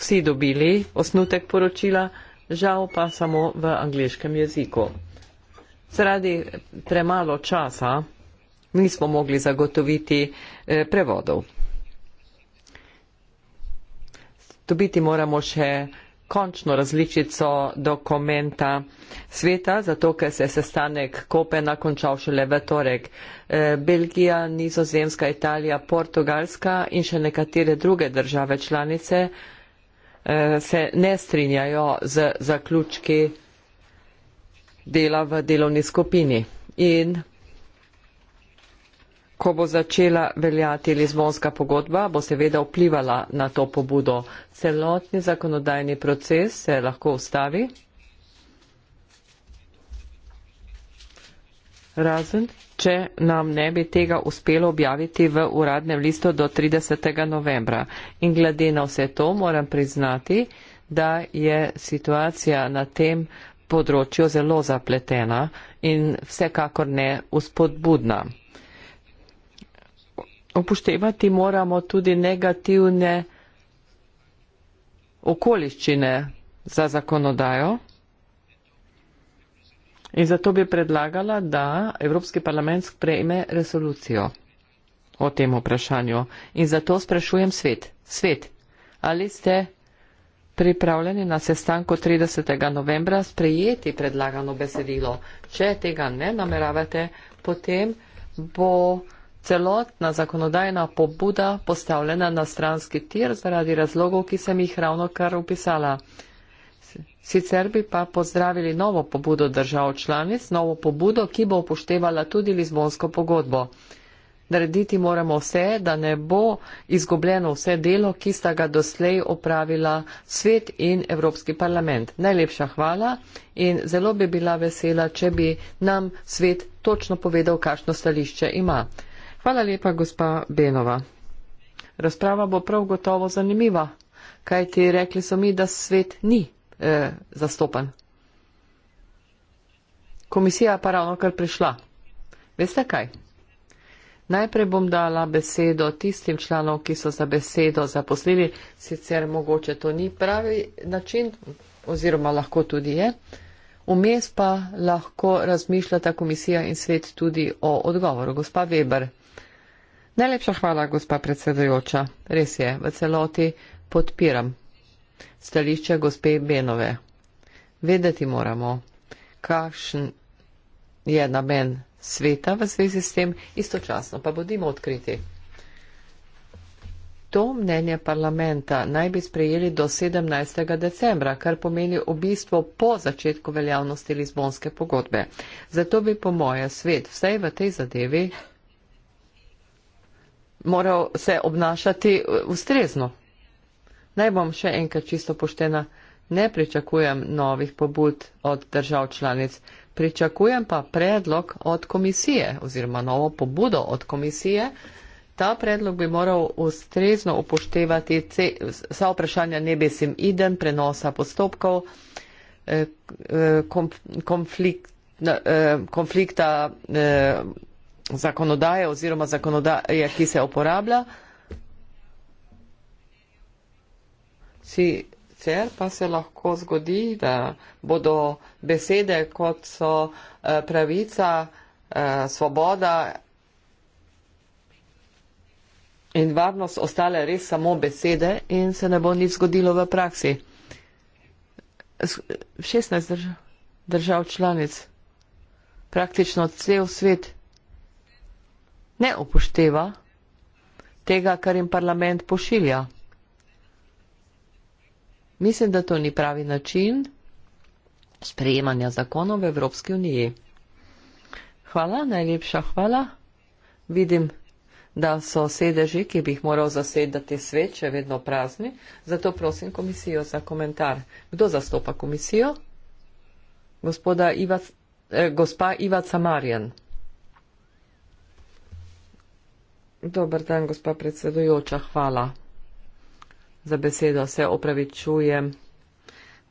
vsi dobili osnutek poročila, žal pa samo v angliškem jeziku. Zaradi premalo časa nismo mogli zagotoviti eh, prevodov. Dobiti moramo še končno različico dokumenta sveta, zato ker se je sestanek Kopena končal šele v torek. Eh, Belgija, Nizozemska, Italija, Portugalska in še nekatere druge države članice Eh, se ne strinjajo z zaključki dela v delovni skupini. In ko bo začela veljati Lizbonska pogodba, bo seveda vplivala na to pobudo. Celotni zakonodajni proces se lahko ustavi. razen če nam ne bi tega uspelo objaviti v uradnem listu do 30. novembra. In glede na vse to moram priznati, da je situacija na tem področju zelo zapletena in vsekakor ne uspodbudna. Upoštevati moramo tudi negativne okoliščine za zakonodajo, In zato bi predlagala, da Evropski parlament sprejme resolucijo o tem vprašanju. In zato sprašujem svet. Svet, ali ste pripravljeni na sestanku 30. novembra sprejeti predlagano besedilo? Če tega ne nameravate, potem bo celotna zakonodajna pobuda postavljena na stranski tir zaradi razlogov, ki sem jih ravno kar upisala. Sicer bi pa pozdravili novo pobudo držav članic, novo pobudo, ki bo upoštevala tudi Lizbonsko pogodbo. Narediti moramo vse, da ne bo izgubljeno vse delo, ki sta ga doslej opravila svet in Evropski parlament. Najlepša hvala in zelo bi bila vesela, če bi nam svet točno povedal, kakšno stališče ima. Hvala lepa, gospa Benova. Razprava bo prav gotovo zanimiva, kaj ti rekli so mi, da svet ni eh, zastopan. Komisija pa ravno kar prišla. Veste kaj? Najprej bom dala besedo tistim članom, ki so za besedo zaposlili, sicer mogoče to ni pravi način, oziroma lahko tudi je. Vmes pa lahko razmišljata komisija in svet tudi o odgovoru. Gospa Weber. Najlepša hvala, gospa predsedajoča. Res je, v celoti podpiram stališče gospe Benove. Vedeti moramo, kakšen je namen sveta v zvezi s tem, istočasno pa bodimo odkriti. To mnenje parlamenta naj bi sprejeli do 17. decembra, kar pomeni v bistvu po začetku veljavnosti Lizbonske pogodbe. Zato bi po moje svet vsej v tej zadevi moral se obnašati eh, ustrezno. Naj bom še enkrat čisto poštena, ne pričakujem novih pobud od držav članic, pričakujem pa predlog od komisije oziroma novo pobudo od komisije. Ta predlog bi moral ustrezno upoštevati vsa vprašanja nebesim iden, prenosa postopkov, eh, eh, konflikt, eh, konflikta zakonodaje oziroma zakonodaje, ki se uporablja. Sicer pa se lahko zgodi, da bodo besede, kot so eh, pravica, eh, svoboda in varnost, ostale res samo besede in se ne bo nič zgodilo v praksi. 16 držav, držav članic, praktično cel svet ne upošteva tega, kar jim parlament pošilja. Mislim, da to ni pravi način sprejemanja zakonov v Evropski uniji. Hvala, najlepša hvala. Vidim, da so sedeži, ki bi jih moral zasedati svet, še vedno prazni. Zato prosim komisijo za komentar. Kdo zastopa komisijo? Gospoda Iva, eh, gospa Iva Camarjan. Dobar dan, gospa predsedujoča, hvala za besedo, se opravičujem,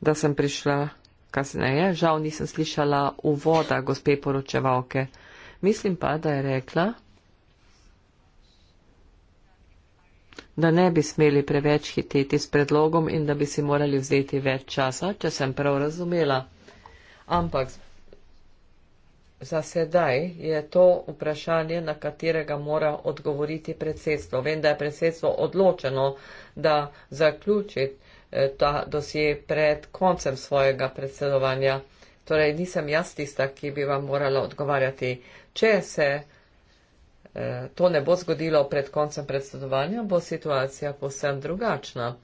da sem prišla kasneje. Žal nisem slišala uvoda gospe poročevalke. Mislim pa, da je rekla, da ne bi smeli preveč hiteti s predlogom in da bi si morali vzeti več časa, če sem prav razumela. Ampak za sedaj je to vprašanje, na katerega mora odgovoriti predsedstvo. Vem, da je predsedstvo odločeno, da zaključi eh, ta dosje pred koncem svojega predsedovanja. Torej, nisem jaz tista, ki bi vam morala odgovarjati, če se eh, to ne bo zgodilo pred koncem predsedovanja, bo situacija posem drugačna.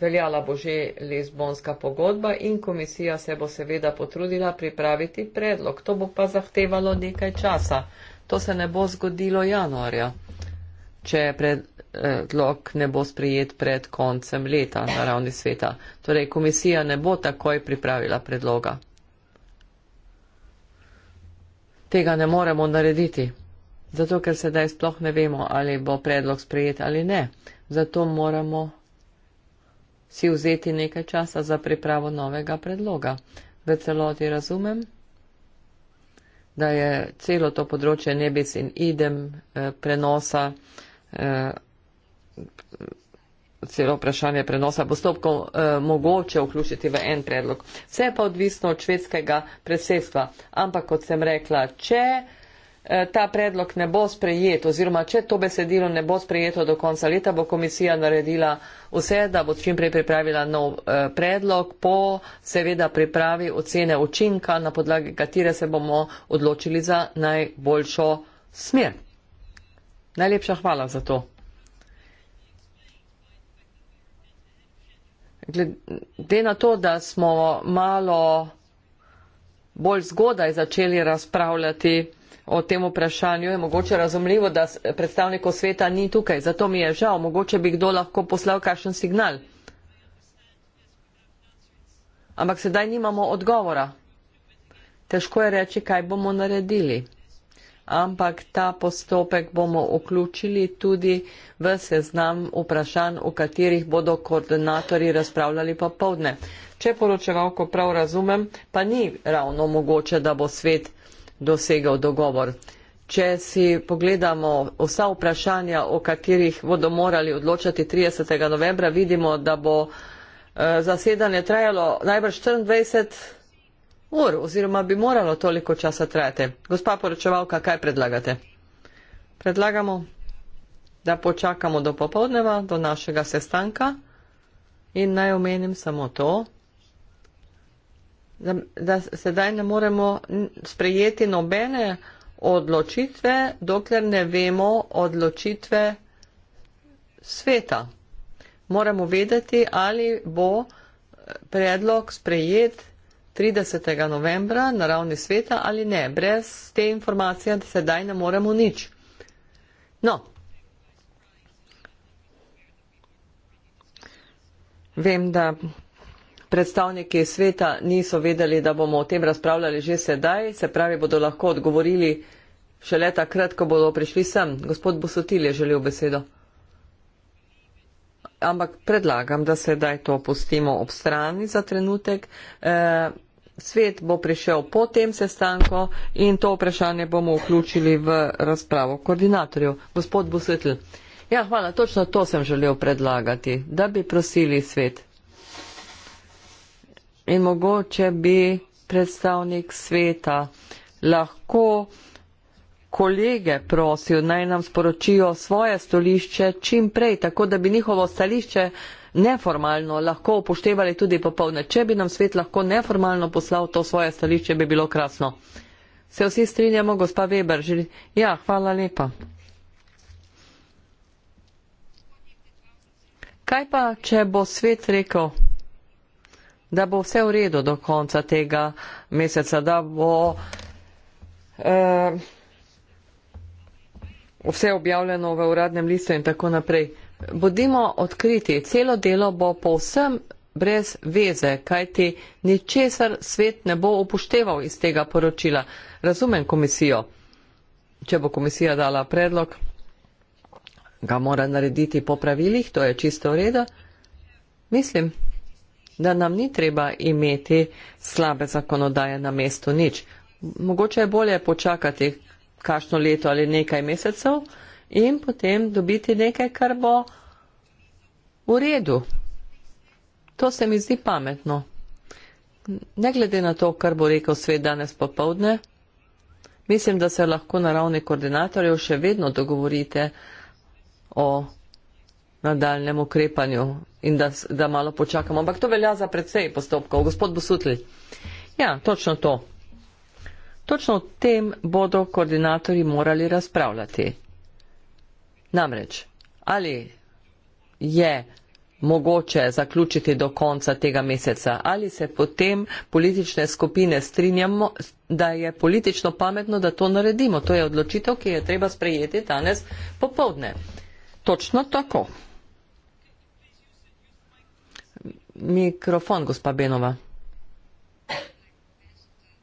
Veljala bo že lezbonska pogodba in komisija se bo seveda potrudila pripraviti predlog. To bo pa zahtevalo nekaj časa. To se ne bo zgodilo januarja, če pred, odlok ne bo sprejet pred koncem leta na ravni sveta. Torej, komisija ne bo takoj pripravila predloga. Tega ne moremo narediti, zato ker sedaj sploh ne vemo, ali bo predlog sprejet ali ne. Zato moramo si vzeti nekaj časa za pripravo novega predloga. V celoti razumem, da je celo to področje nebes in idem eh, prenosa eh, celo vprašanje prenosa postopkov eh, mogoče vključiti v en predlog. Vse pa odvisno od švedskega predsedstva. Ampak, kot sem rekla, če eh, ta predlog ne bo sprejet oziroma če to besedilo ne bo sprejeto do konca leta, bo komisija naredila vse, da bo čimprej pripravila nov eh, predlog po seveda pripravi ocene učinka, na podlagi katere se bomo odločili za najboljšo smer. Najlepša hvala za to. glede na to, da smo malo bolj zgodaj začeli razpravljati o tem vprašanju, je mogoče razumljivo, da predstavnikov sveta ni tukaj. Zato mi je žal, mogoče bi kdo lahko poslal kakšen signal. Ampak sedaj nimamo odgovora. Težko je reči, kaj bomo naredili ampak ta postopek bomo vključili tudi v seznam vprašanj, v katerih bodo koordinatori razpravljali popovdne. Če poročeval, ko prav razumem, pa ni ravno mogoče, da bo svet dosegal dogovor. Če si pogledamo vsa vprašanja, o katerih bodo morali odločati 30. novembra, vidimo, da bo eh, zasedanje trajalo najbrž 24 let ur oziroma bi moralo toliko časa trajati. Gospa poročevalka, kaj predlagate? Predlagamo, da počakamo do popovdneva, do našega sestanka in naj omenim samo to, da, da sedaj ne moremo sprejeti nobene odločitve, dokler ne vemo odločitve sveta. Moramo vedeti, ali bo eh, predlog sprejet 30. novembra na ravni sveta ali ne. Brez te informacije sedaj ne moremo nič. No. Vem, da predstavniki sveta niso vedeli, da bomo o tem razpravljali že sedaj, se pravi, bodo lahko odgovorili še leta krat, ko bodo prišli sem. Gospod Busotil je želel besedo. Ampak predlagam, da sedaj to pustimo ob strani za trenutek. Eh, svet bo prišel po tem sestanku in to vprašanje bomo vključili v razpravo koordinatorjev. Gospod Busetl. Ja, hvala, točno to sem želel predlagati, da bi prosili svet. In mogoče bi predstavnik sveta lahko kolege prosil, naj nam sporočijo svoje stolišče čim prej, tako da bi njihovo stališče uh, neformalno lahko upoštevali tudi popovdne. Če bi nam svet lahko neformalno poslal to svoje stališče, bi bilo krasno. Se vsi strinjamo, gospa Weber? Želi... Ja, hvala lepa. Kaj pa, če bo svet rekel, da bo vse v redu do konca tega meseca, da bo eh, vse objavljeno v uradnem listu in tako naprej? bodimo odkriti, celo delo bo povsem brez veze, kajti ničesar svet ne bo upošteval iz tega poročila. Razumem komisijo. Če bo komisija dala predlog, ga mora narediti po pravilih, to je čisto v redu. Mislim, da nam ni treba imeti slabe zakonodaje na mestu nič. Mogoče je bolje počakati kašno leto ali nekaj mesecev, in potem dobiti nekaj, kar bo v redu. To se mi zdi pametno. Ne glede na to, kar bo rekel svet danes popovdne, mislim, da se lahko na ravni koordinatorjev še vedno dogovorite o nadaljem ukrepanju in da, da malo počakamo. Ampak to velja za predvsej postopkov. Gospod Busutli. Ja, točno to. Točno o tem bodo koordinatorji morali razpravljati. Namreč, ali je mogoče zaključiti do konca tega meseca, ali se potem politične skupine strinjamo, da je politično pametno, da to naredimo. To je odločitev, ki je treba sprejeti danes popovdne. Točno tako. Mikrofon, gospa Benova.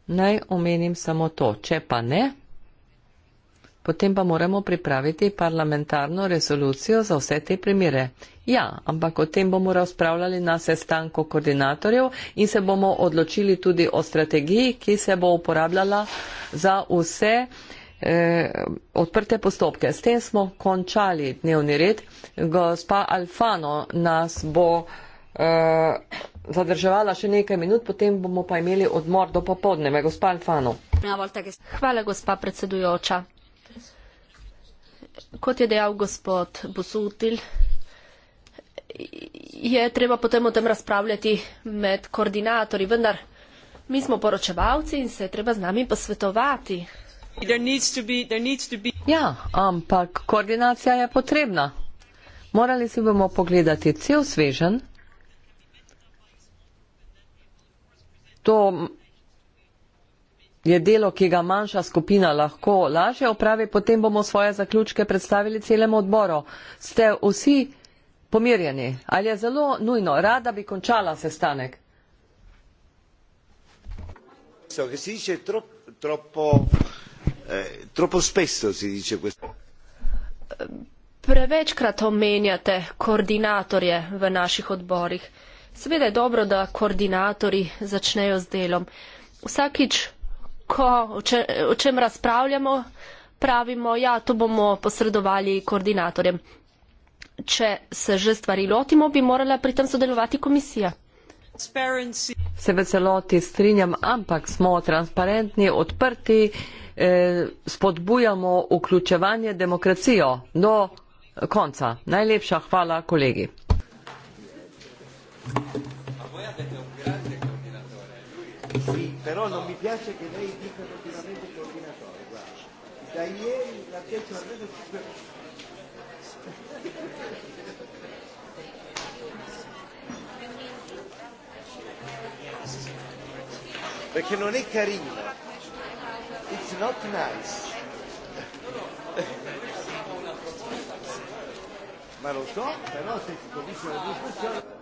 Naj omenim samo to. Če pa ne, potem pa moramo pripraviti parlamentarno rezolucijo za vse te primere. Ja, ampak o tem bomo razpravljali na sestanku koordinatorjev in se bomo odločili tudi o strategiji, ki se bo uporabljala za vse eh, odprte postopke. S tem smo končali dnevni red. Gospa Alfano nas bo eh, zadrževala še nekaj minut, potem bomo pa imeli odmor do popodneve. Gospa Alfano. Hvala, gospa predsedujoča kot je dejal gospod Busutil, je treba potem o tem razpravljati med koordinatorji, vendar mi smo poročevalci in se je treba z nami posvetovati. Ja, ampak koordinacija je potrebna. Morali si bomo pogledati cel svežen. To je delo, ki ga manjša skupina lahko lažje opravi, potem bomo svoje zaključke predstavili celemu odboru. Ste vsi pomirjeni? Ali je zelo nujno? Rada bi končala sestanek. Eh, Prevečkrat omenjate koordinatorje v naših odborih. Seveda je dobro, da koordinatori začnejo z delom. Vsakič ko o, če, o čem razpravljamo, pravimo, ja, to bomo posredovali koordinatorjem. Če se že stvari lotimo, bi morala pri tem sodelovati komisija. Se v celoti strinjam, ampak smo transparentni, odprti, eh, spodbujamo vključevanje demokracijo do konca. Najlepša hvala, kolegi. Thank you sì, però non mi piace che lei dica continuamente il coordinatore, guarda. Da ieri la piace almeno 5 Perché non è carino. It's not nice. Ma lo so, però se si comincia la discussione...